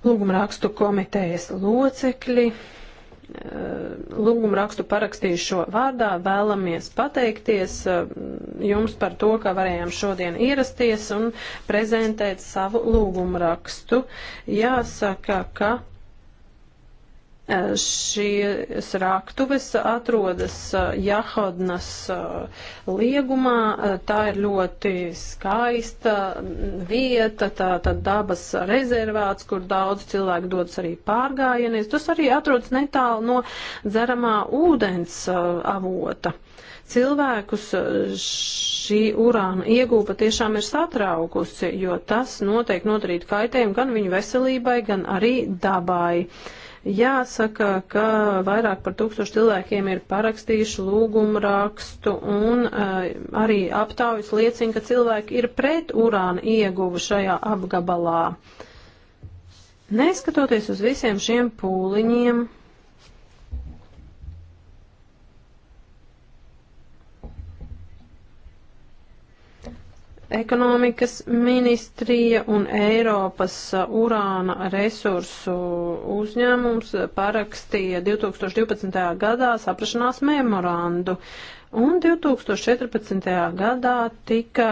lūgumrakstu komitejas locekļi. Eh, lūgumu rakstu parakstījušo vārdā vēlamies pateikties eh, jums par to, ka varējām šodien ierasties un prezentēt savu lūgumu rakstu. Jāsaka, ka Šīs raktuves atrodas uh, Jahodnas uh, liegumā. Uh, tā ir ļoti skaista mm, vieta, tā tad dabas rezervāts, kur daudz cilvēku dodas arī pārgājienies. Tas arī atrodas netālu no dzeramā ūdens avota. Cilvēkus šī urāna iegūpa tiešām ir satraukusi, jo tas noteikti notarītu kaitējumu gan viņu veselībai, gan arī dabai. Uh, Jāsaka, ka vairāk par tūkstošu cilvēkiem ir parakstījuši lūgumu rakstu un e, arī aptaujas liecina, ka cilvēki ir pret urāna ieguvu šajā apgabalā. Neskatoties uz visiem šiem pūliņiem, Ekonomikas ministrija un Eiropas urāna resursu uzņēmums parakstīja 2012. gadā saprašanās memorandu. Un 2014. gadā tika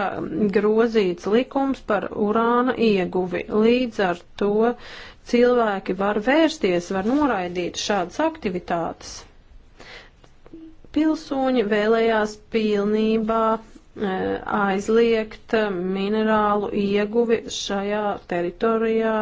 grozīts likums par urāna ieguvi. Līdz ar to cilvēki var vērsties, var noraidīt šādas aktivitātes pilsoņi vēlējās pilnībā E, aizliegt minerālu ieguvi šajā teritorijā,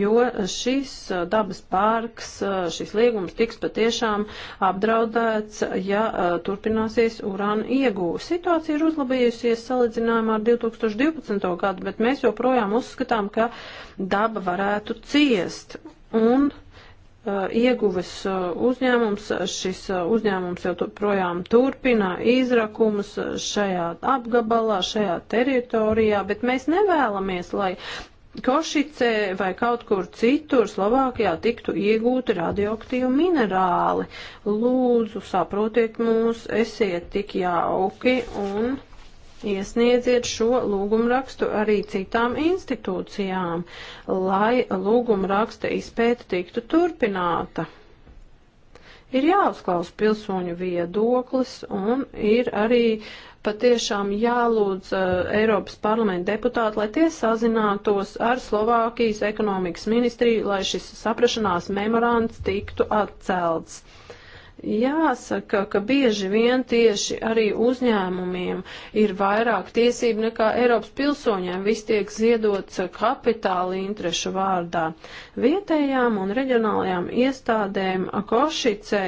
jo šis dabas parks, e, šis liegums tiks patiešām apdraudēts, ja e, turpināsies urāna iegūve. Situācija ir uzlabojusies salīdzinājumā ar 2012. gadu, bet mēs joprojām uzskatām, ka daba varētu ciest. Un Uh, ieguves uh, uzņēmums. Šis uh, uzņēmums jau projām turpina izrakumus šajā apgabalā, šajā teritorijā, bet mēs nevēlamies, lai Košicē vai kaut kur citur Slovākijā tiktu iegūti radioaktīvi minerāli. Lūdzu, saprotiet mūs, esiet tik jauki un Iesniedziet šo lūgumrakstu arī citām institūcijām, lai lūgumraksta izpēta tiktu turpināta. Ir jāuzklaus pilsoņu viedoklis un ir arī patiešām jālūdz uh, Eiropas parlamenta deputāti, lai tie sazinātos ar Slovākijas ekonomikas ministriju, lai šis saprašanās memorands tiktu atcelts. Uh, Jāsaka, ka bieži vien tieši arī uzņēmumiem ir vairāk tiesību nekā Eiropas pilsoņiem. Viss tiek ziedots kapitāla interešu vārdā. Vietējām un reģionālajām iestādēm Košicē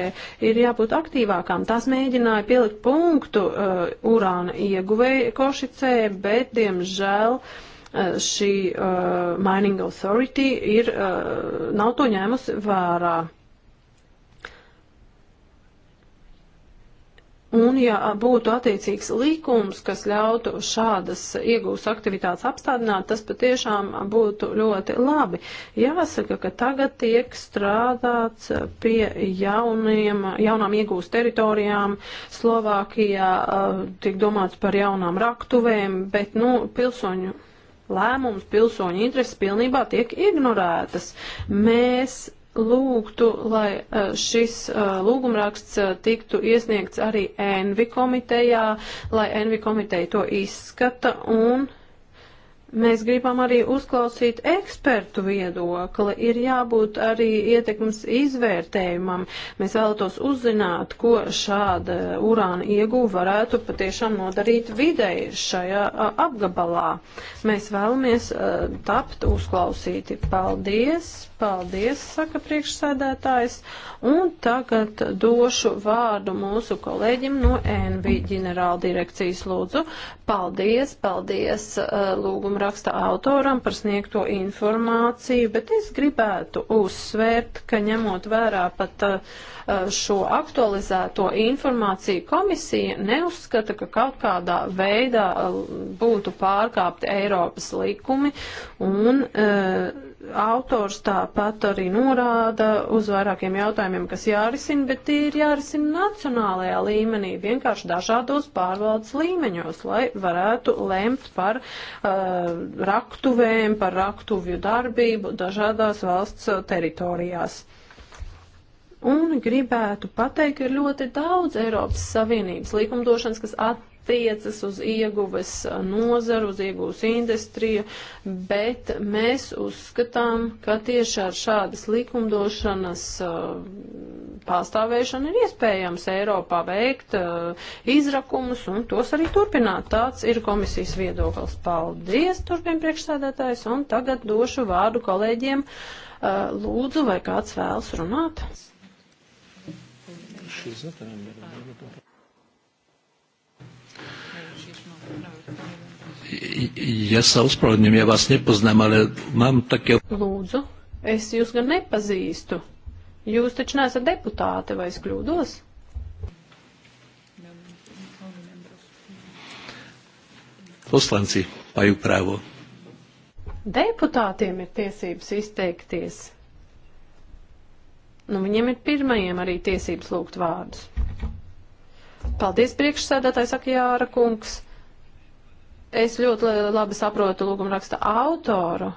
ir jābūt aktīvākām. Tās mēģināja pielikt punktu uh, urāna ieguvēja Košicē, bet, diemžēl, uh, šī uh, mining authority ir, uh, nav to ņēmusi vērā. Un ja būtu attiecīgs likums, kas ļautu šādas iegūs aktivitātes apstādināt, tas patiešām būtu ļoti labi. Jāsaka, ka tagad tiek strādāts pie jauniem, jaunām iegūs teritorijām. Slovākijā uh, tiek domāts par jaunām raktuvēm, bet, nu, pilsoņu lēmums, pilsoņu intereses pilnībā tiek ignorētas. Mēs lūgtu, lai eh, šis eh, lūgumraksts eh, tiktu iesniegts arī Envi komitejā, lai Envi komiteja to izskata un mēs gribam arī uzklausīt ekspertu viedokli. Ir jābūt arī ietekmes izvērtējumam. Mēs vēlētos uzzināt, ko šāda urāna ieguva varētu patiešām nodarīt videi šajā apgabalā. Mēs vēlamies tapt uzklausīti. Paldies! Paldies, saka priekšsēdētājs. Un tagad došu vārdu mūsu kolēģim no NV ģenerāla direkcijas lūdzu. Paldies, paldies eh, lūguma raksta autoram par sniegto informāciju, bet es gribētu uzsvērt, ka ņemot vērā pat eh, šo aktualizēto informāciju komisija neuzskata, ka kaut kādā veidā eh, būtu pārkāpti Eiropas likumi un uh, autors tāpat arī norāda uz vairākiem jautājumiem, kas jārisina, bet tie ir jārisina nacionālajā līmenī, vienkārši dažādos pārvaldes līmeņos, lai varētu lemt par uh, raktuvēm, par raktuvju darbību dažādās valsts uh, teritorijās. Un gribētu pateikt, ka ir ļoti daudz Eiropas Savienības likumdošanas, kas at attiecas uz ieguves nozaru, uz ieguves industriju, bet mēs uzskatām, ka tieši ar šādas likumdošanas pastāvēšanu ir iespējams Eiropā veikt izrakumus un tos arī turpināt. Tāds ir komisijas viedoklis. Paldies, turpin priekšsēdētājs, un tagad došu vārdu kolēģiem. Lūdzu, vai kāds vēlas runāt? Šis, tā, Ja savus prodņiem jau vas nepoznām, ale mam takie... Lūdzu, es jūs gan nepazīstu. Jūs taču neesat deputāte, vai es kļūdos? Poslanci paju prāvo. Deputātiem ir tiesības izteikties. Nu, viņiem ir pirmajiem arī tiesības lūgt vārdus. Paldies, priekšsēdētājs Akjāra kungs. Es ļoti labi saprotu lūgumraksta autoru.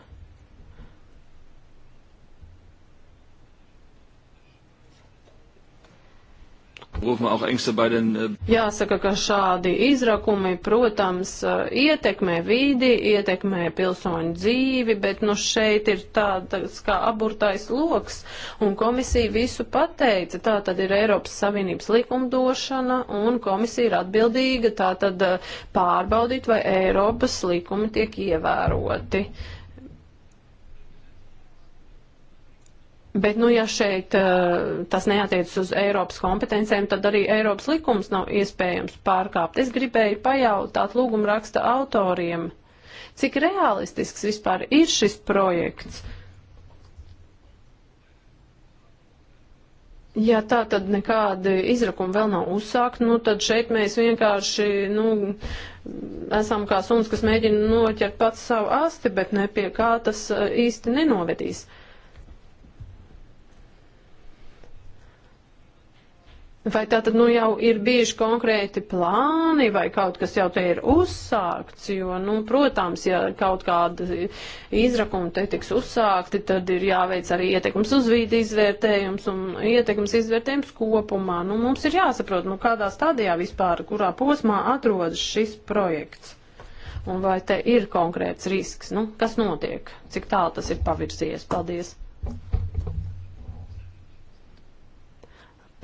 Äh, Jāsaka, ka šādi izrakumi, protams, ietekmē vidi, ietekmē pilsoņu dzīvi, bet nu šeit ir tāds kā aburtais loks, un komisija visu pateica. Tā tad ir Eiropas Savienības likumdošana, un komisija ir atbildīga tā tad pārbaudīt, vai Eiropas likumi tiek ievēroti. Uh, Bet, nu, ja šeit uh, tas neatiecas uz Eiropas kompetencēm, tad arī Eiropas likums nav iespējams pārkāpt. Es gribēju pajautāt lūguma raksta autoriem, cik realistisks vispār ir šis projekts. Ja tā tad nekādi izrakumi vēl nav uzsākt, nu tad šeit mēs vienkārši, nu, esam kā suns, kas mēģina noķert pats savu asti, bet ne pie kā tas eh, īsti nenovedīs. Uh, Vai tā tad nu jau ir bijuši konkrēti plāni vai kaut kas jau te ir uzsākts, jo, nu, protams, ja kaut kāda izrakuma te tiks uzsākti, tad ir jāveic arī ietekmes uz vīdi izvērtējums un ietekmes izvērtējums kopumā. Nu, mums ir jāsaprot, nu, kādā stadijā vispār, kurā posmā atrodas šis projekts. Un vai te ir konkrēts risks, nu, kas notiek, cik tālu tas ir pavirsies. Paldies!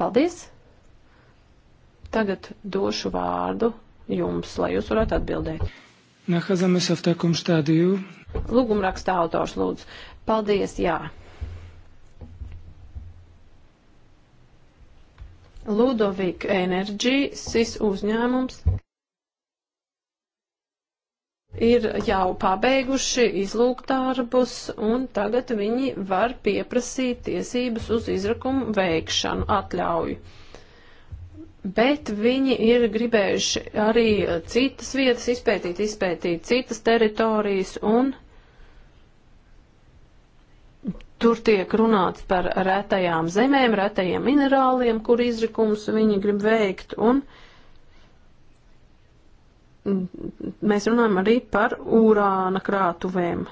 Paldies! Tagad došu vārdu jums, lai jūs varētu atbildēt. Nahazāmies v takom štādiju. Lūgumraksta autors lūdzu. Paldies, jā. Ludovik Energy, SIS uzņēmums, ir jau pabeiguši izlūkdarbus un tagad viņi var pieprasīt tiesības uz izrakumu veikšanu atļauju. Bet viņi ir gribējuši arī citas vietas izpētīt, izpētīt citas teritorijas, un tur tiek runāts par retajām zemēm, retajiem minerāliem, kur izrakums viņi grib veikt, un mēs runājam arī par urāna krātuvēm.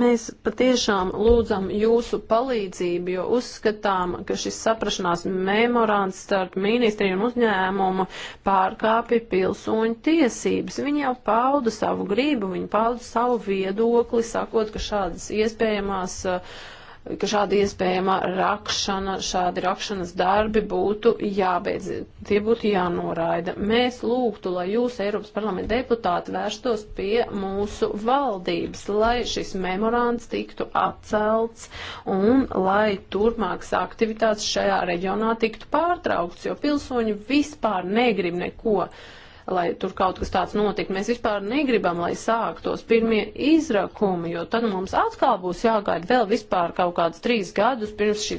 Mēs patiešām lūdzam jūsu palīdzību, jo uzskatām, ka šis saprašanās memorands starp ministriju un uzņēmumu pārkāpi pilsoņu tiesības. Viņi jau pauda savu gribu, viņi pauda savu viedokli, sakot, ka šādas iespējamās uh, ka šāda iespējama rakšana, šādi rakšanas darbi būtu jābeidz, tie būtu jānoraida. Mēs lūgtu, lai jūs, Eiropas parlamenta deputāti, vērstos pie mūsu valdības, lai šis memorāns tiktu atcelts un lai turpmākas aktivitātes šajā reģionā tiktu pārtraukts, jo pilsoņi vispār negrib neko. Uh, lai tur kaut kas tāds notiktu. Mēs vispār negribam, lai sāktos pirmie izrakumi, jo tad mums atkal būs jāgaida vēl vispār kaut kāds trīs gadus pirms šī,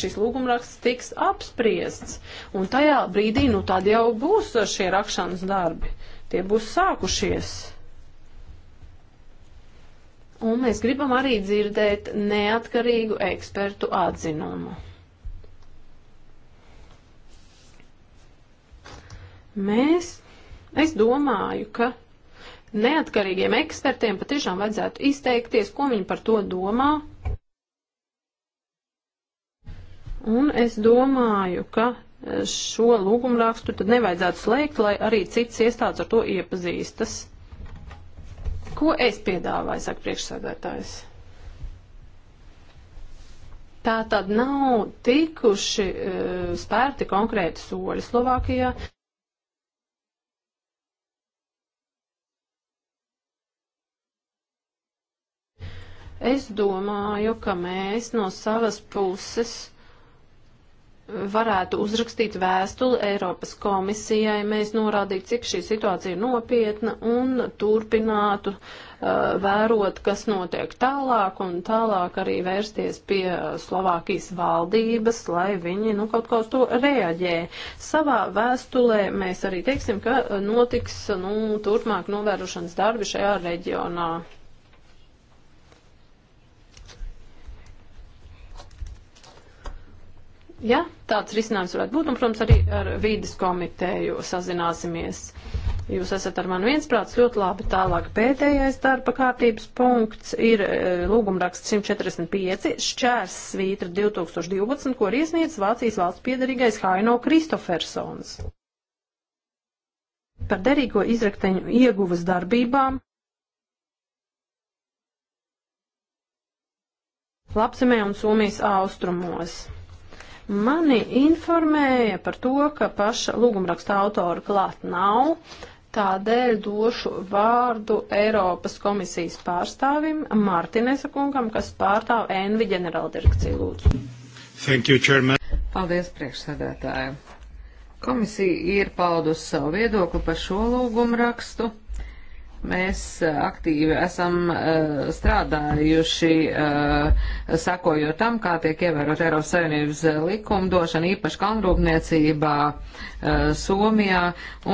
šis lūgumraksts tiks apspriests. Un tajā brīdī, nu, tad jau būs šie rakšanas darbi. Tie būs sākušies. Un mēs gribam arī dzirdēt neatkarīgu ekspertu atzinumu. Mēs, es domāju, ka neatkarīgiem ekspertiem patiešām vajadzētu izteikties, ko viņi par to domā. Un es domāju, ka e, šo lūgumrakstu tad nevajadzētu slēgt, lai arī cits iestāds ar to iepazīstas. Ko es piedāvāju, saka priekšsēdētājs? Tā tad nav tikuši uh, spērti konkrēti soļi Slovākijā. Es domāju, ka mēs no savas puses varētu uzrakstīt vēstuli Eiropas komisijai, mēs norādītu, cik šī situācija ir nopietna un turpinātu uh, vērot, kas notiek tālāk un tālāk arī vērsties pie Slovākijas valdības, lai viņi nu, kaut kā uz to reaģē. Savā vēstulē mēs arī teiksim, ka notiks nu, turpmāk novērošanas darbi šajā reģionā. Ja, tāds risinājums varētu būt, un, protams, arī ar vīdes komiteju sazināsimies. Jūs esat ar mani viensprāts ļoti labi. Tālāk pēdējais darba kārtības punkts ir e, lūgumraksts 145 šķērs svītra 2012, ko ir iesniedz Vācijas valsts piedarīgais Haino Kristofersons. Par derīgo izrakteņu ieguvas darbībām. Lapsemē un Somijas austrumos. Mani informēja par to, ka paša lūgumraksta autora klāt nav, tādēļ došu vārdu Eiropas komisijas pārstāvim Mārtinesa kungam, kas pārstāv Envi ģenerāldirekciju lūdzu. Thank you, chairman. Paldies, priekšsēdētāji. Komisija ir paudusi savu viedokli par šo lūgumrakstu. rakstu Mēs eh, aktīvi esam uh, strādājuši, uh, eh, sakojot tam, kā tiek ievērot Eiropas Savienības likumdošana, īpaši kalnrūpniecībā uh, Somijā,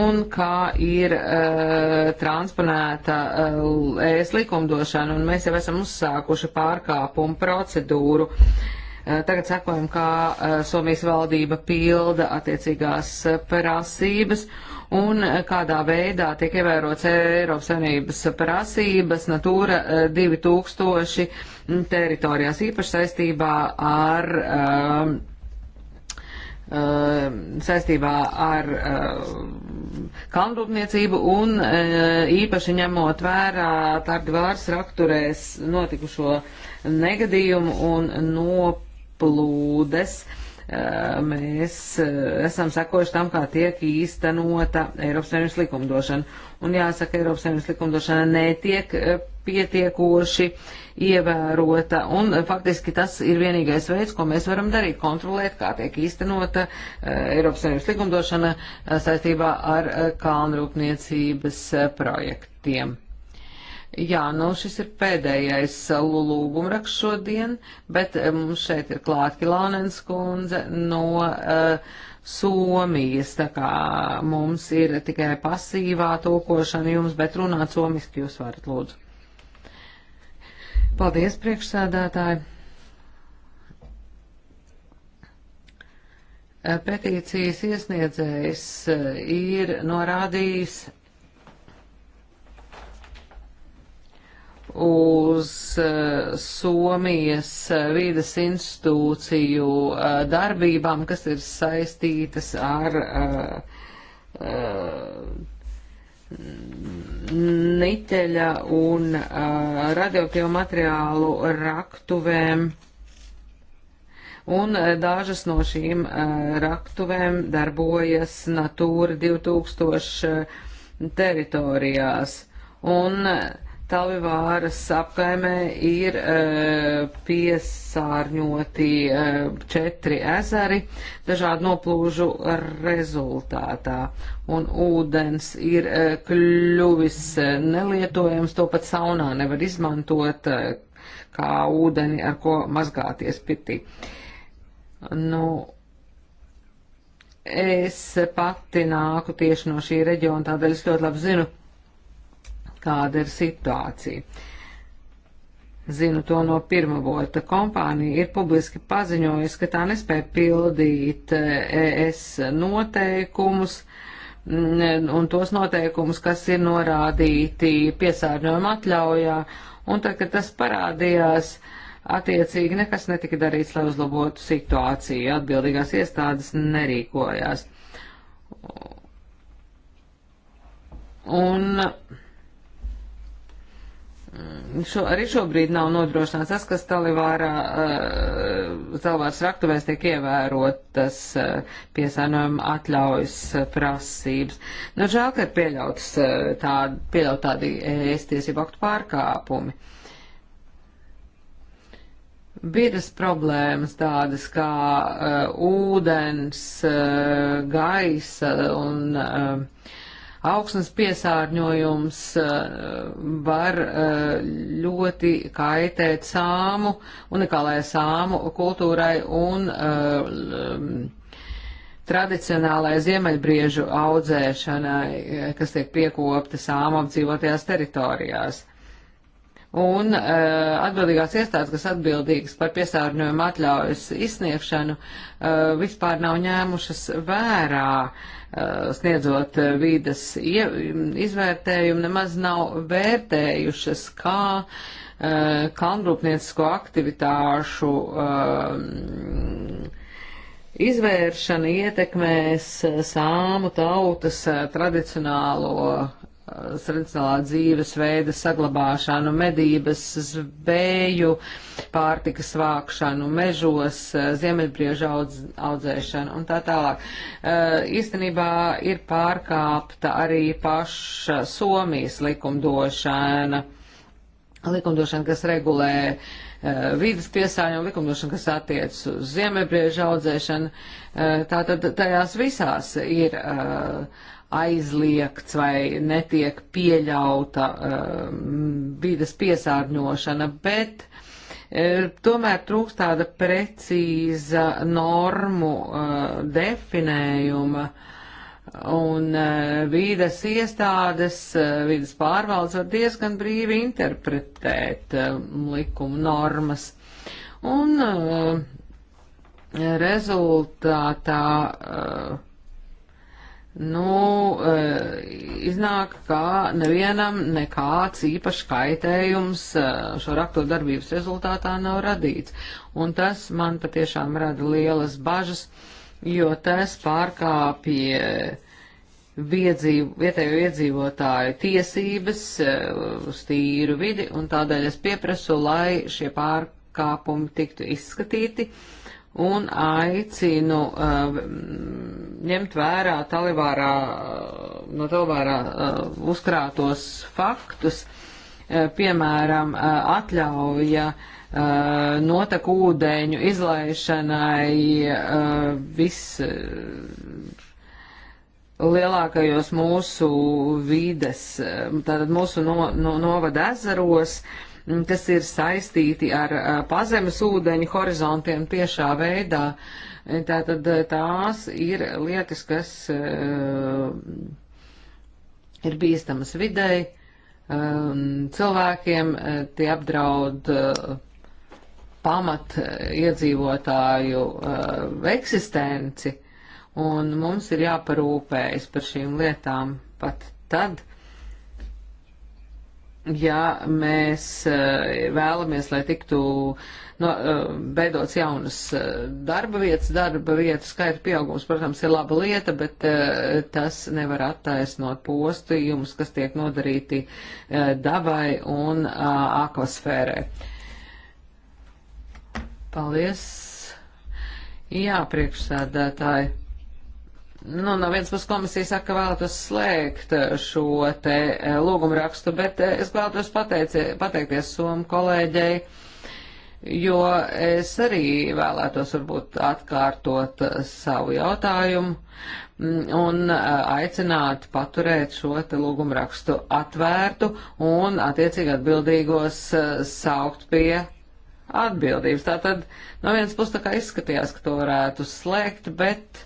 un kā ir uh, transponēta uh, ES likumdošana, un mēs jau esam uzsākuši pārkāpumu procedūru. Uh, tagad sakojam, kā uh, Somijas valdība pilda attiecīgās uh, prasības. Uh, un kādā veidā tiek ievērots Eiropas Savienības prasības Natūra 2000 eh, teritorijās, īpaši saistībā ar um, saistībā ar ehm, kalnrūpniecību un eh, īpaši ņemot vērā Tardvārs rakturēs notikušo negadījumu un noplūdes. Uh, mēs esam sekojuši tam, kā tiek īstenota Eiropas Savienības likumdošana. Un jāsaka, Eiropas Savienības likumdošana netiek pietiekoši ievērota, un faktiski tas ir vienīgais veids, ko mēs varam darīt, kontrolēt, kā tiek īstenota Eiropas Savienības likumdošana saistībā ar kalnrūpniecības projektiem. Jā, nu šis ir pēdējais uh, lūgumraksts šodien, bet uh, mums šeit ir klāt Kilānens kundze no uh, Somijas, tā kā mums ir tikai pasīvā tūkošana jums, bet runāt somiski jūs varat lūdzu. Paldies, priekšsēdētāji. Uh, petīcijas iesniedzējs ir norādījis uz eh, Somijas eh, vīdes institūciju eh, darbībām, kas ir saistītas ar niķeļa un radioaktīvu materiālu raktuvēm un dažas no šīm raktuvēm darbojas Natūra 2000 teritorijās. Un Talivāras apkaimē ir uh, piesārņoti uh, četri ezeri dažādu noplūžu rezultātā, un ūdens ir uh, kļuvis nelietojams, to pat saunā nevar izmantot uh, kā ūdeni, ar ko mazgāties pitī. Nu, es pati nāku tieši no šī reģiona, tādēļ es ļoti labi zinu, Tāda ir situācija. Zinu to no pirmavota. Kompānija ir publiski paziņojusi, ka tā nespēja pildīt eh, ES noteikumus mm, un tos noteikumus, kas ir norādīti piesārņojuma atļaujā. Un tad, kad tas parādījās, attiecīgi nekas netika darīts, lai uzlabotu situāciju. Atbildīgās iestādes nerīkojās. Un Šo, arī šobrīd nav nodrošināts tas, kas Talivārā Zalvārs eh, uh, raktuvēs tiek ievērotas uh, eh, piesāņojuma atļaujas uh, prasības. Nu, žēl, ka ir pieļauts uh, tā, pieļaut tādi ēst tiesību aktu pārkāpumi. Biras problēmas tādas kā uh, ūdens, uh, gaisa un uh, Augsnes piesārņojums eh, var eh, ļoti kaitēt sāmu, unikālajai sāmu kultūrai un eh, tradicionālajai ziemeļbriežu audzēšanai, kas tiek piekopta sāmu apdzīvotajās teritorijās un uh, atbildīgās iestādes, kas atbildīgas par piesārņojumu atļaujas izsniegšanu, uh, vispār nav ņēmušas vērā, uh, sniedzot vīdes izvērtējumu, nemaz nav vērtējušas, kā kalnrūpniecisko aktivitāšu izvēršana ietekmēs sāmu tautas tradicionālo tradicionālā dzīvesveida saglabāšanu, medības, zvēju, pārtikas vākšanu, mežos, ziemeļbrieža audz, audzēšanu un tā tālāk. Īstenībā ir pārkāpta arī paša Somijas likumdošana, likumdošana, kas regulē vidas piesārņojumu, likumdošana, kas attiec uz ziemeļbrieža audzēšanu. Tātad tajās visās ir. Uh, aizliegts vai netiek pieļauta um, vidas piesārņošana, bet uh, tomēr trūkst tāda precīza normu uh, definējuma. Un uh, vīdes iestādes, vīdes pārvaldes var diezgan brīvi interpretēt um, likuma normas. Un rezultātā nu, e, iznāk, ka nevienam nekāds īpašs kaitējums e, šo rakto darbības rezultātā nav radīts. Un tas man patiešām rada lielas bažas, jo tas pārkāpja viedzīv, vietējo iedzīvotāju tiesības e, uz tīru vidi, un tādēļ es pieprasu, lai šie pārkāpumi tiktu izskatīti un aicinu uh, ņemt vērā talivārā, uh, no talivārā uh, uzkrātos faktus, uh, piemēram, uh, atļauja uh, noteku ūdeņu izlaišanai uh, viss. Uh, lielākajos mūsu vides, uh, tātad mūsu no, no, novada ezeros, uh, Mm, kas ir saistīti ar pazemes ūdeņu horizontiem tiešā veidā. E, tātad tās ir lietas, kas ir bīstamas videi, cilvēkiem tie apdraud pamat iedzīvotāju eksistenci, un mums ir jāparūpējas par šīm lietām pat tad, ja mēs eh, vēlamies, lai tiktu no, beidots eh, jaunas eh, darba vietas, darba vietu skaita pieaugums, protams, ir laba lieta, bet tas nevar attaisnot postījumus, kas tiek nodarīti dabai un akvasfērē. Paldies! Jā, priekšsēdētāji! Nu, no vienas puses komisija saka, ka vēlētos slēgt šo te e, lūgumrakstu, bet e, es vēlētos pateici, pateikties somu kolēģei, jo es arī vēlētos varbūt atkārtot savu jautājumu mm, un e, aicināt paturēt šo te lūgumrakstu atvērtu un attiecīgi atbildīgos saukt pie atbildības. Tātad no vienas puses tā kā izskatījās, ka to varētu slēgt, bet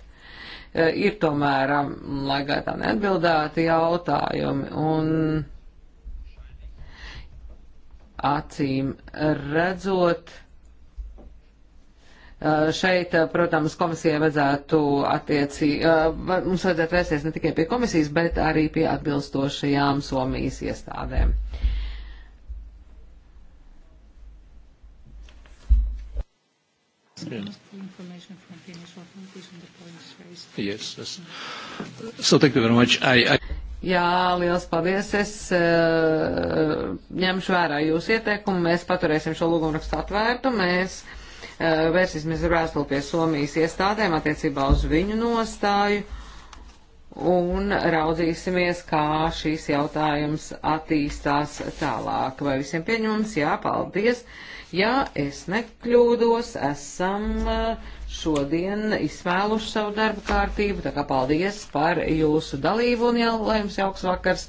E, ir tomēr, um, lai gan tā neatbildēti jautājumi, un acīm redzot, e, šeit, e, protams, komisijai vajadzētu attieci, mums vajadzētu vērsties ne tikai pie komisijas, bet arī pie atbilstošajām Somijas iestādēm. Spēc. Yes, yes. So thank you very much. I, I... Jā, liels paldies. Es uh, ņemšu vērā jūsu ieteikumu. Mēs paturēsim šo lūgumrakstu atvērtu. Mēs uh, vērsīsimies ar vēstuli pie Somijas iestādēm attiecībā uz viņu nostāju un raudzīsimies, kā šīs jautājums attīstās tālāk. Vai visiem pieņemums? Jā, paldies. Ja es nekļūdos, esam. Uh, šodien izsvēluši savu darbu kārtību, tā kā paldies par jūsu dalību un jau, lai jums jauks vakars.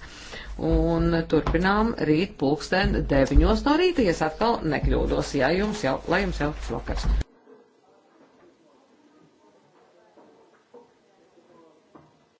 Un turpinām rīt pulksten deviņos no rīta, ja es atkal nekļūdos, ja jums jau, lai jums jauks vakars.